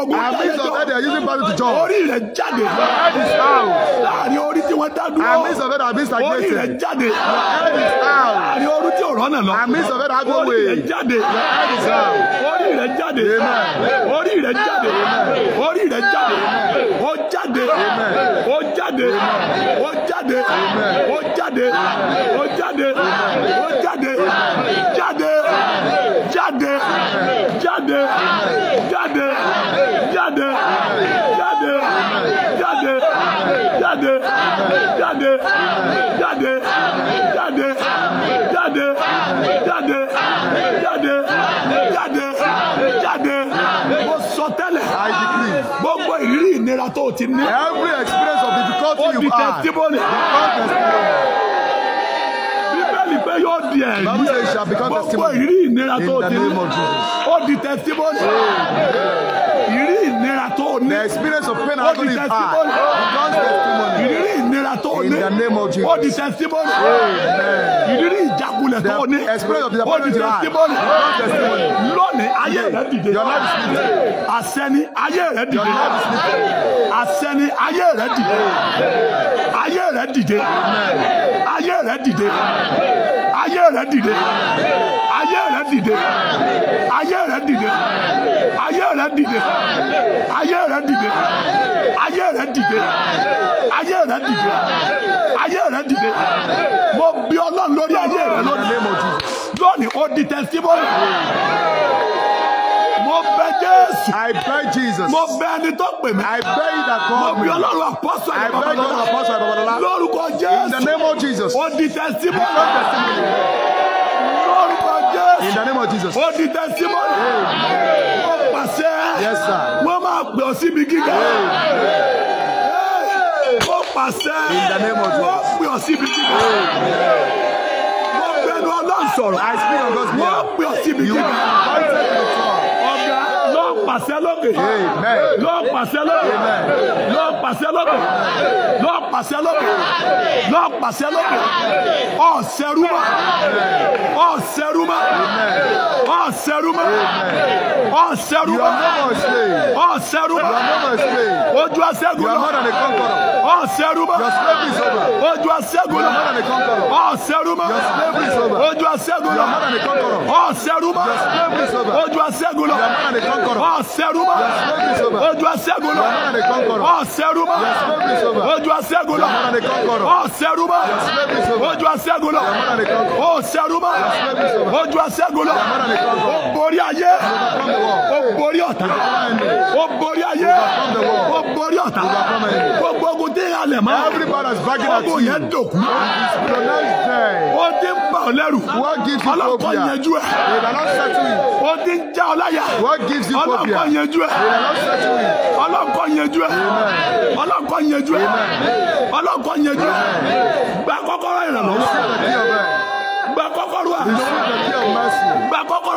ogun adájọ́ amidst of them they are using battle to judge orí rẹ̀ jáde your head is out láàrin orí tí wọ́n dá dúró amidst of them they are being stagnated orí rẹ̀ jáde your head is out láàrin orí tí ò rọ́nà lọ amidst of them they are going away orí rẹ̀ jáde your head is out orí rẹ̀ jáde orí rẹ̀ jáde orí rẹ̀ jáde ó jáde ó jáde ó jáde ó jáde ó jáde ó jáde. ìnira tó ti ní. every experience of difficulty you are. ó di testimony. bíbélì pé yóò di ẹ̀rí. gbogbo ìrírí ìnira tó o ti ní. ó di testimony. ìrírí ìnira tó o ní. the experience of pain and agony is hard. ó di testimony tó in the name of Jesus. ó di testimony. ìrírí ìjákulẹ̀ tó the experience of disappointment. ó di testimony. lónìí ayé rẹ dìde. your life is dìde. àṣẹni ayé rẹ dìde. your life is dìde. àṣẹni ayé rẹ dìde. ayé rẹ dìde. ayé rẹ dìde ayé rẹ dìde ayé rẹ dìde ayé rẹ dìde ayé rẹ dìde ayé rẹ dìde ayé rẹ dìde ayé rẹ dìde ayé rẹ dìde mo bí ọlọ́run lórí ayé rẹ lónìí lónìí ó di testimony bẹ Jésù. I pray Jesus. Mo bẹ ẹni tó pè mí. I pray you that call me. Mo bí Ọlọ́run apọ́sọ̀ ní Babalọ́lá. I pray you that apọ́sọ̀ ní Babalọ́lá. Lórúkọ Jésù. In the name of Jesus. O di testimony. O di testimony. Lórúkọ Jésù. In the name of Jesus. O di testimony. Mo pàṣẹ. Yes sir. Wọ́n máa pè ọ síbi gíga. Mo pàṣẹ. In the name of Jesus. Wọ́n pè ọ síbi gíga. Mo bẹnu Ọlọ́run sọ̀rọ̀. I speak on God's behalf. Wọ́n pè ọ síbi gíga pàṣẹ lókè lọ pàṣẹ lókè lọ pàṣẹ lókè lọ pàṣẹ lókè lọ Oh, lókè ọ̀sẹ̀rúmọ́ ọ̀sẹ̀rúmọ́ ọ̀sẹ̀rúmọ́ ọ̀sẹ̀rúmọ́ ọ̀sẹ̀rúmọ́ ojú Oh, lọ ọ̀sẹ̀rúmọ́ ojú aṣẹ́gun lọ ọ̀sẹ̀rúmọ́ ojú aṣẹ́gun lọ ọ̀sẹ̀rúmọ́ ojú aṣẹ́gun lọ ọ̀sẹ̀rúmọ́ ojú aṣẹ́gun lọ ọ̀sẹ̀rúmọ́ ojú aṣẹ́gun lọ ọ̀sẹ̀rúmọ́ ojú aṣẹ́gun lọ ọ̀sẹ̀rúmọ́ ojú aṣẹ́gun lọ ó borí ayé ó borí ọ̀tá ó borí ayé ó borí ọ̀tá gbogbo halẹ̀ mọ́. everybody is barking at you. ọmọ yẹn dòkú. pronounce there. ó ti ń bà ọ́ lẹ́rù. what gives you phobia. ọlọ́kọ̀ yẹjú ẹ̀. they are not settling. ó ti ń já ọ láyà. what gives you phobia. ọlọ́kọ̀ yẹjú ẹ̀. they are not settling. ọlọ́kọ̀ yẹjú ẹ̀. ọlọ́kọ̀ yẹjú ẹ̀. ọlọ́kọ̀ yẹjú ẹ̀. gba kọ́kọ́rọ́ ìrànlọ́wọ́. gba kọ́kọ́rọ́ àná.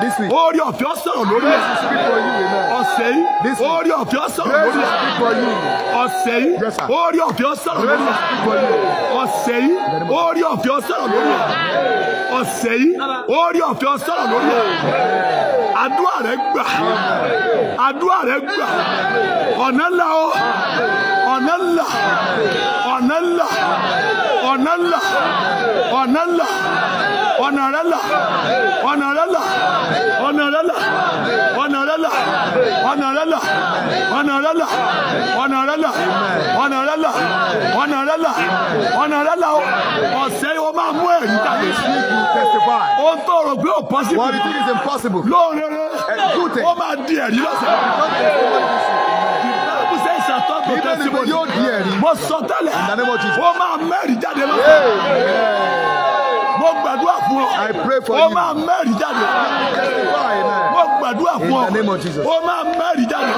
This week, your your lọ́sẹ̀ yìí orí ọ̀fẹ́ ọ̀sọ̀rọ̀ lórí ẹ̀ ọ̀sẹ̀ yìí your ọ̀fẹ́ ọ̀sọ̀rọ̀ lórí ẹ̀ ọ̀sẹ̀ yìí orí ọ̀fẹ́ ọ̀sọ̀rọ̀ lórí ẹ̀ your yìí orí ọ̀fẹ́ ọ̀sọ̀rọ̀ lórí ẹ̀ ọ̀sẹ̀ yìí orí ọ̀fẹ́ ọ̀sọ̀rọ̀ lórí ẹ̀ àdúrà rẹ gbà àdúrà rẹ gbà ọ̀nà ńlá o ọ̀nà ńlá ọ̀nà ńlá ọ̀nà ńlá ọ̀nà ńlá ọ̀nà rẹ là ọ̀nà rẹ là ọ̀nà rẹ là ọ̀nà rẹ là ọ̀nà rẹ là ọ̀nà rẹ là ọ̀nà rẹ là ọ̀nà rẹ là ọ̀nà rẹ là ọ̀nà rẹ là ọ̀sẹ̀ yìí wọ́n máa mú ẹ̀rí tàbí sí. o ń tó rò pé o possible. what is impossible. lóore rẹ o máa di ẹ̀rí lọ́sẹ̀ testimony. Mo sọ tẹ́lẹ̀. Ó máa mẹ́rin jáde lọ́sẹ̀ mo gbàdúrà fún ọ. I pray for you. o máa mẹ́rin jáde. mo gbàdúrà fún ọ. In the name of Jesus. o máa mẹ́rin jáde.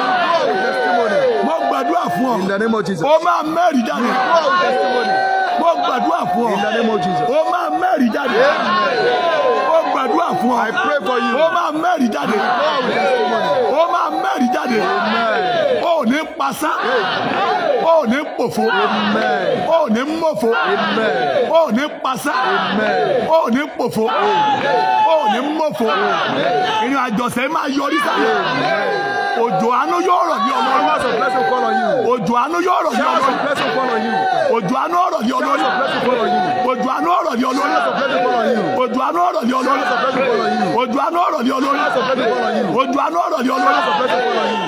mo gbàdúrà fún ọ. In the name of Jesus. o máa mẹ́rin jáde. mo gbàdúrà fún ọ. In the name of Jesus. o máa mẹ́rin jáde. mo gbàdúrà fún ọ. I pray for you. o máa mẹ́rin jáde. o máa mẹ́rin jáde. o ní pasá ó ní pòfo ó ní mòfo ó ní pasá ó ní pòfo ó ní mòfo ìrìn àjọsẹ̀ máa yọrí sáyé òjò àánú yóò rọ̀ ní ọlọ́run òjò àánú yóò rọ̀ ní ọlọ́run òjò àánú ọ̀rọ̀ ní ọlọ́run òjò àánú ọ̀rọ̀ ní ọlọ́run òjò àánú ọ̀rọ̀ ní ọlọ́run òjò àánú ọ̀rọ̀ ní ọlọ́run òjò àánú ọ̀rọ̀ ní ọlọ́run òjò àánú ọ̀rọ̀ ní ọlọ́run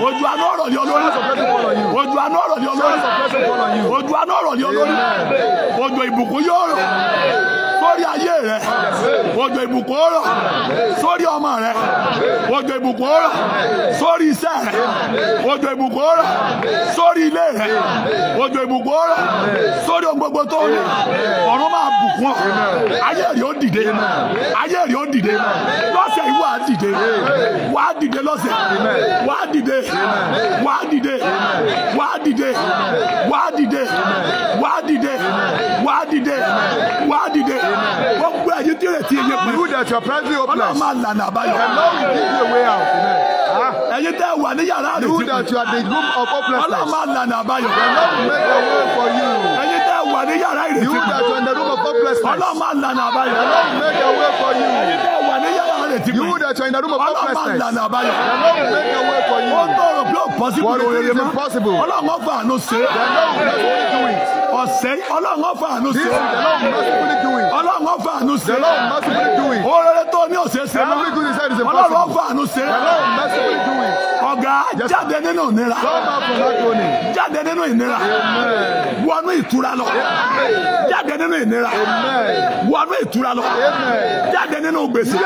òjò àánú ọ̀rọ̀ ní ọlọ́run blessing fall on you. Òjò àná ọ̀rọ̀ ni olórí. Òjò ìbùkún yóò rọ̀. sórí ayé rẹ òjò ìbùkún ó sórí ọmọ rẹ òjò ìbùkún ó sórí rẹ òjò ìbùkún ó sórí ilé rẹ òjò ìbùkún ó sórí ohun gbogbo tó ní ọ̀run máa bùkún ọ ayé rẹ ó dìde ayé rẹ ó dìde lọ́sẹ̀ yìí dìde wà á dìde wà wà á dìde wà á dìde wọ́n gbé ayé tí rẹ̀ ti yẹ pé ọlọ́run máa lànà àbáyọ. Ah. ẹ̀yin tẹ́ wà ní yàrá rẹ̀ ti kù ọlọ́run máa lànà àbáyọ. ẹ̀yin tẹ́ wà ní yàrá rẹ̀ ti kù ọlọ́run máa lànà àbáyọ. ẹ̀yin tẹ́ wà ní yàrá rẹ̀ ti kù ọlọ́run máa lànà àbáyọ. ó tọrọ bí ó pọ́sibú lóore mọ́ ọlọ́run no àánú no é ọ̀sẹ̀ ọlọ́run ọ̀fà àánú sí ọ. ọlọ́run ọ̀fà àánú sí ọ. oore tó ní ọ̀sẹ̀ sẹ́lá ọlọ́run ọ̀fà àánú sí ọ ọ̀gá jáde nínú ìnira jáde nínú ìnira wọnú ìtura lọ jáde nínú ìnira wọnú ìtura lọ jáde nínú gbèsè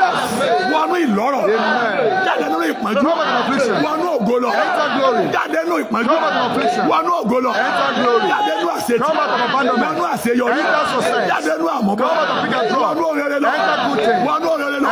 wọnú ìlọ́rọ̀ jáde nínú ìpọ́njú wọnú ògo lọ jáde nínú ìpọ́njú wọnú ògo lọ jáde nínú àṣetì wọnú àṣeyọrí jáde nínú àmọ́bọ́ wọnú òrere lọ wọnú òrere lọ.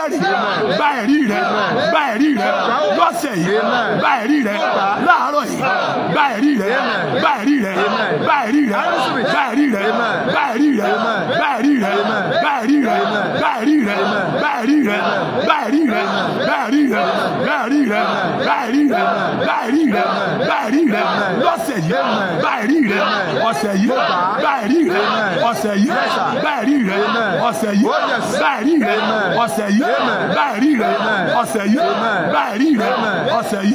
lẹ́rìí gba ẹ̀rí rẹ gba ẹ̀rí rẹ lọ́sẹ̀ yìí gba ẹ̀rí rẹ láàárọ̀ yìí gba ẹ̀rí rẹ gba ẹ̀rí rẹ gba ẹ̀rí rẹ gba ẹ̀rí rẹ gba ẹ̀rí rẹ gba ẹ̀rí rẹ gba ẹ̀rí rẹ gba ẹ̀rí rẹ gba ẹ̀rí rẹ gba ẹ̀rí rẹ gba ẹ̀rí rẹ gba ẹ̀rí rẹ gba ẹ̀rí rẹ gba ẹ̀rí rẹ gba ẹ̀rí rẹ lọ́sẹ̀ yìí gba ẹ̀rí rẹ ọ̀sẹ̀ yìí gba ẹ̀rí rẹ ọ̀sẹ̀ yìí gba ẹ̀rí rẹ ọ̀sẹ̀ yìí gba ẹ̀rí rẹ ọ̀sẹ̀ yìí báyìí rẹ ọ̀sẹ̀ yìí báyìí rẹ ọ̀sẹ̀ yìí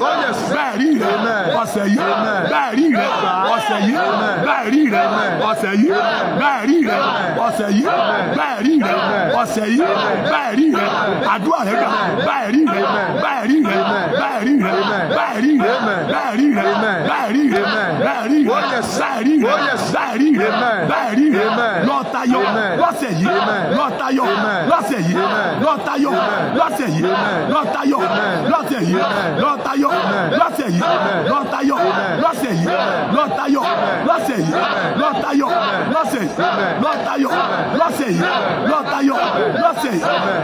báyìí rẹ ọ̀sẹ̀ yìí báyìí rẹ ọ̀sẹ̀ yìí báyìí rẹ ọ̀sẹ̀ yìí báyìí rẹ ọ̀sẹ̀ yìí báyìí rẹ ọ̀sẹ̀ yìí báyìí rẹ àdúrà rẹ gbà báyìí rẹ báyìí rẹ báyìí rẹ báyìí rẹ báyìí rẹ báyìí rẹ báyìí rẹ báyìí rẹ báyìí rẹ báyìí rẹ lọ́tayọ lọ́sẹ̀ yìí lọ́tayọ lọ́sẹ̀ yìí lọ́tayọ tayọ lọ́sẹ̀ yìí lọ tayọ lọ́sẹ̀ yìí lọ tayọ lọ́sẹ̀ yìí lọ tayọ lọ́sẹ̀ yìí lọ tayọ lọ́sẹ̀ yìí lọ tayọ lọ́sẹ̀ yìí lọ tayọ lọ́sẹ̀ yìí lọ tayọ lọ́sẹ̀ yìí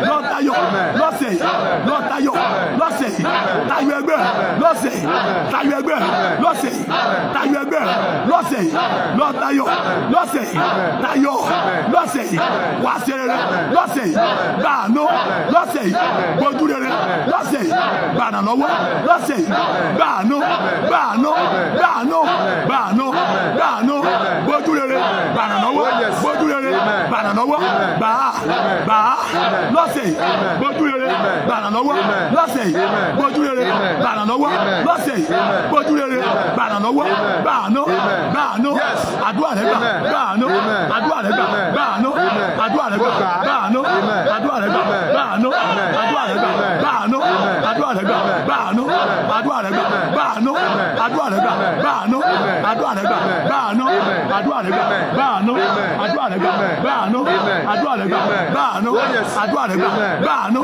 lọ tayọ lọ́sẹ̀ yìí lọ tayọ lọ́sẹ̀ yìí tayọ ẹgbẹ́ lọ́sẹ̀ yìí tayọ ẹgbẹ́ lọ́sẹ̀ yìí tayọ ẹgbẹ́ lọ́sẹ̀ yìí lọ tayọ lọ́sẹ̀ yìí tayọ lọ́sẹ̀ yìí wàá ṣe rere lọ́sẹ̀ yìí gbàánú lọ́sẹ̀ yìí gbójú rere lọ́sẹ̀ yìí gbàrànlọ́wọ́ lọ́sẹ̀ yìí gbàánú gbàánú gbàánú gbàánú gbàánú gbójú rere gbàrànlọ́wọ́ gbójú rere gbàrànlọ́wọ́ gbàá gbàá lọ́sẹ̀ yìí gbójú rere gbàrànlọ́wọ́ lọ́sẹ̀ yìí gbójú rere gbàrànlọ́wọ́ lọ́sẹ̀ yìí gbójú rere gbàrànlọ́wọ́ gbàánú gbàánú àdúrà rẹ gbà gbàánú àdúrà rẹ gbà gbàánú àdúrà rẹ gbà gbà. Amen. gbà gbà àánú àdúrà rẹ gbà gbà àánú àdúrà rẹ gbà gbà àánú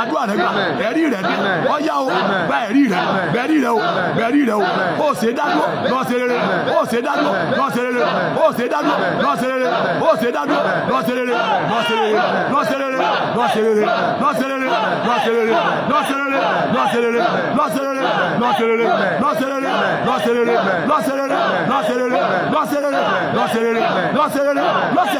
àdúrà rẹ gbà ẹ̀rí rẹ dé ọ̀yá o gba ẹ̀rí rẹ bẹ̀rí rẹ o bẹ̀rí rẹ o ó ṣe dádúró lọ ṣe rere ó ṣe dádúró lọ ṣe rere ó ṣe dádúró lọ ṣe rere ó ṣe dádúró lọ ṣe rere lọ ṣe rere lọ ṣe rere lọ ṣe rere lọ ṣe rere lọ ṣe rere lọ ṣe rere lọ ṣe rere lọ ṣe rere lọ ṣe rere lọ ṣe rere lọ ṣe rere lọ ṣe rere lọ ṣe rere lọ ṣe rere lọ ṣe rere lọ ṣe rere lọ ṣe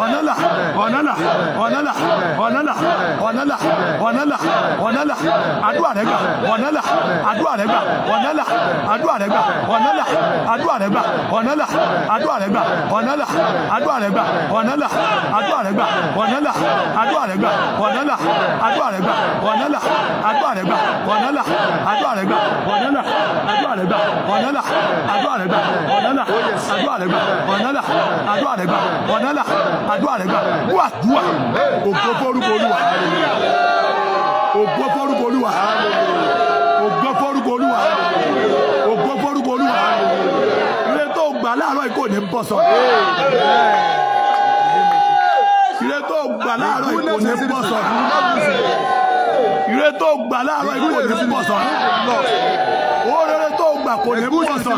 ọ̀nàlà ọ̀nàlà ọ̀nàlà ọ̀nàlà ọ̀nàlà ọ̀nàlà ọ̀nàlà àdúrà rẹ gbà ọ̀nàlà àdúrà rẹ gbà ọ̀nàlà àdúrà rẹ gbà ọ̀nàlà àdúrà rẹ gbà ọ̀nàlà àdúrà rẹ gbà ọ̀nàlà àdúrà rẹ gbà ọ̀nàlà àdúrà rẹ gbà ọ̀nàlà àdúrà rẹ gbà ọ̀nàlà àdúrà rẹ gbà ọ̀nàlà àdúrà rẹ gbà ọ̀nàlà àdúrà rẹ gbà ọ̀nàlà àdúrà rẹ gbà ọ̀nàlà àdúrà rẹ gbà ọ̀nàlà àdúrà rẹ gbà ọ̀nàlà àdúrà rẹ gbà ọ̀nàlà àdúrà rẹ gbà wú àdúrà ògbó fórúkọ olúwa ògbó fórúkọ olúwa ògbó fórúkọ olúwa ògbó fórúkọ olúwa ire tó gbà láàárọ̀ yìí kò ní bọ̀ sọ. ire tó gbà láàárọ̀ yìí kò ní bọ̀ sọ. ire tó gbà láàárọ̀ yìí kò ní bọ̀ sọ. oore tó gbà kò ní bọ̀ sọ.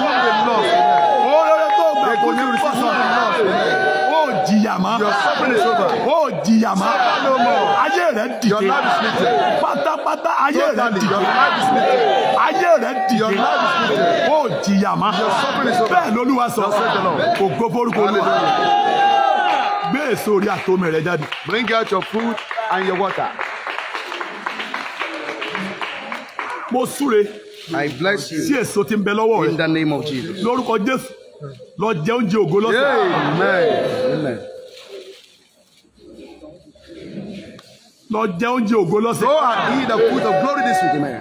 oore tó gbà kò ní bọ̀ sọ ó jìyà mọ́ ó jìyà mọ́ ayé rẹ̀ dìde pátápátá ayé rẹ̀ dìde ayé rẹ̀ dìde ó jìyà mọ́ bẹ́ẹ̀ lolúwa sọ ògo forúkọ olúwa gbé èso orí àtòmì rẹ jáde. bring out your food and your water. mo súre. I bless you. sí èso in the name of Jesus. lórúkọ Jésù lọ jẹ oúnjẹ ògo lọ́sẹ̀. lọ jẹ oúnjẹ ògo lọ́sẹ̀. go and eat the food of glory this week amen.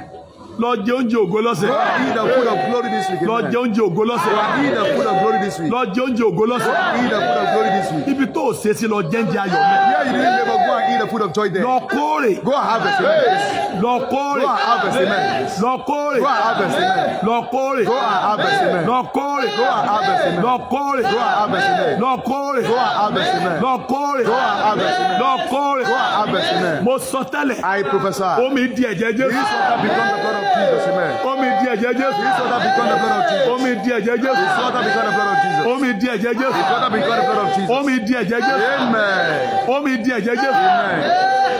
Lọ jẹ oúnjẹ ògo lọ́sẹ̀. Go and eat the food of glory this week. Lọ jẹ oúnjẹ ògo lọ́sẹ̀. Go and eat the food of glory this week. Lọ jẹ oúnjẹ ògo lọ́sẹ̀. Go and eat the food of glory this week. Ibi tó o ṣe sí lọ jẹ́ ń jẹ ayọ̀ mẹ́. Here you dey labour Go and eat the food of joy there. Lọ kórè. Go and harvest. Amen. Lọ kórè. Go and harvest. Amen. Lọ kórè. Go and harvest. Amen. Lọ kórè. Go and harvest. Amen. Lọ kórè. Go and harvest. Amen. Lọ kórè. Go and harvest. Amen. Lọ kórè. Go and harvest. Amen. Lọ kórè. Go and harvest. Amen. Lọ kórè. Go and harvest. Amen. Mo sọ tẹ́lẹ̀. I prophesy. Omi di ẹ̀jẹ̀ Jésù. This water become the blood of Jesus. Amen. Omi di ẹ̀jẹ̀ Jésù. This water become the blood of Jesus. Omi di ẹ̀jẹ̀ Jésù. This water become the blood of Jesus. Omi di ẹ̀jẹ̀ Jésù. This water become the blood of Jesus. Omi di ẹ̀jẹ̀ Jésù. Amen. Omi di ẹ̀jẹ̀ Jésù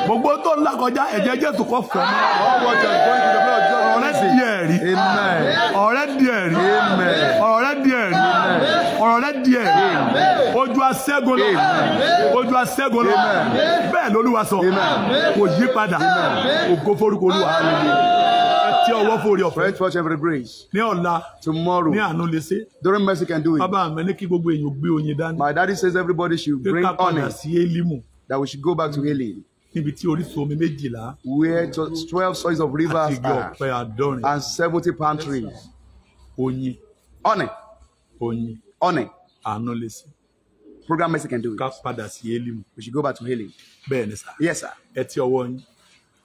gbogbo tó ń lakọjá ẹ̀jẹ̀ Jésù kò fọ̀ mọ́ ọ̀rẹ́ díẹ̀ rí ọ̀rẹ́ díẹ̀ rí ọ̀rẹ́ díẹ̀ rí ọ̀rẹ́ díẹ̀ rí ojú aṣẹ́gun lọ ojú aṣẹ́gun lọ bẹ́ẹ̀ lolúwa sọ kò yí padà ògo forúkọ olúwa tí ọwọ́ fòrí ọ̀fẹ́. Pray for every grace. Ní ọ̀la. Tomorrow. Ní àánú lè ṣe. During mercy can do it. Bàbá mi ní kí gbogbo èèyàn gbé oyin dání. My daddy says everybody should bring honey that we should go back to Hailing. Hmm. Níbi tí orísun omi méjìlá. Where twelve sources of rivers are. And seventy palm trees. Oyin. Ọ̀nẹ̀. Oyin. Ọ̀nẹ̀. Àánú lè sí. Program Mercy can do it. Ká padà sí Hailing. We should go back to Hailing. Bẹ́ẹ̀ni sá. Yes sir. Ẹ ti ọwọ́ yín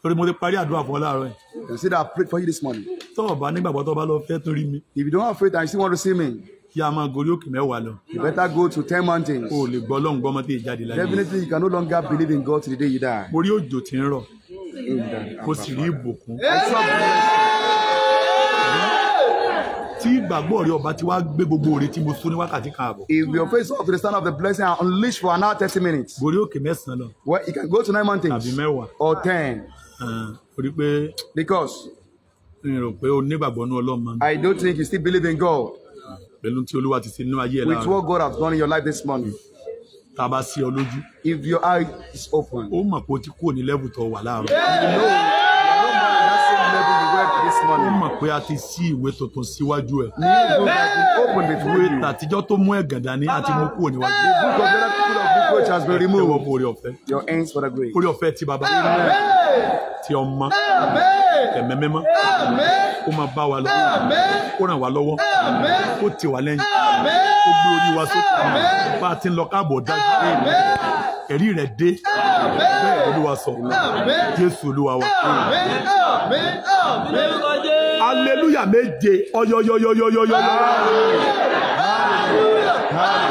torí mo ti parí àdúrà fún ọ láàárọ̀ yìí. You see that I prayed for you this morning. Tọ́ ọ̀bá nígbàgbọ́ tó bá lọ fẹ́ torí mi. If you don't have faith and you still want to see me kí a máa gorí òkè mẹ́wàá lọ. you better go to ten mountains. o lè gbọ́ lọ́hùn gbọ́mọ tí èyí jáde láyé. definitely you can no longer believe in God till the day you die. mo òjò tí ń rọ̀ mo sì rí ìbùkún. tí ìgbàgbọ́ rẹ ọba ti wá gbé gbogbo òre tí mo sún ní wákàtí kan àbọ̀. if your face off to the stand of the blessing and unleash for an hour thirty minutes. gorí òkè mẹ́sàn-án lọ. well you can go to nine mountains. tàbí mẹ́wàá. or ten. torí pé. because. n rò pé o nígbàgbọ́ nú Ọlọ́run I don't think you still believe in God pẹ̀lú tí olúwa ti ṣe nínú ayé ẹ̀ láàrin. with what God has done in your life this morning. tá bá sí ọ lójú. if your eye is open. ó mọ̀ pé o ti kúrò ní level tó wà láàárọ̀. you know ó mọ̀ pé a ti ṣí ìwé tuntun síwájú ẹ̀. ní ìlú ìwé àtijọ́ tó mú ẹ̀gàn dání àti mú kúrò níwájú reproach has been removed. Ẹ̀wọ̀ orí ọ̀fẹ́. Your hands for the grace. Orí ọ̀fẹ́ Amen. bàbá. Amen. ọmọ. Ẹ̀mẹ́ Amen. Kó máa Amen. wa lọ. Amen. ràn wá Amen. Kó tì wá Amen. Kó gbé Amen. wa sókè. Bá Amen. ti ń Amen. káàbọ̀ dájú. Ẹ̀rí Amen. Amen. Amen. olúwa sọ. Jésù olúwa wa. Aleluya méje ọyọyọyọyọyọyọ. Hallelujah. Hallelujah.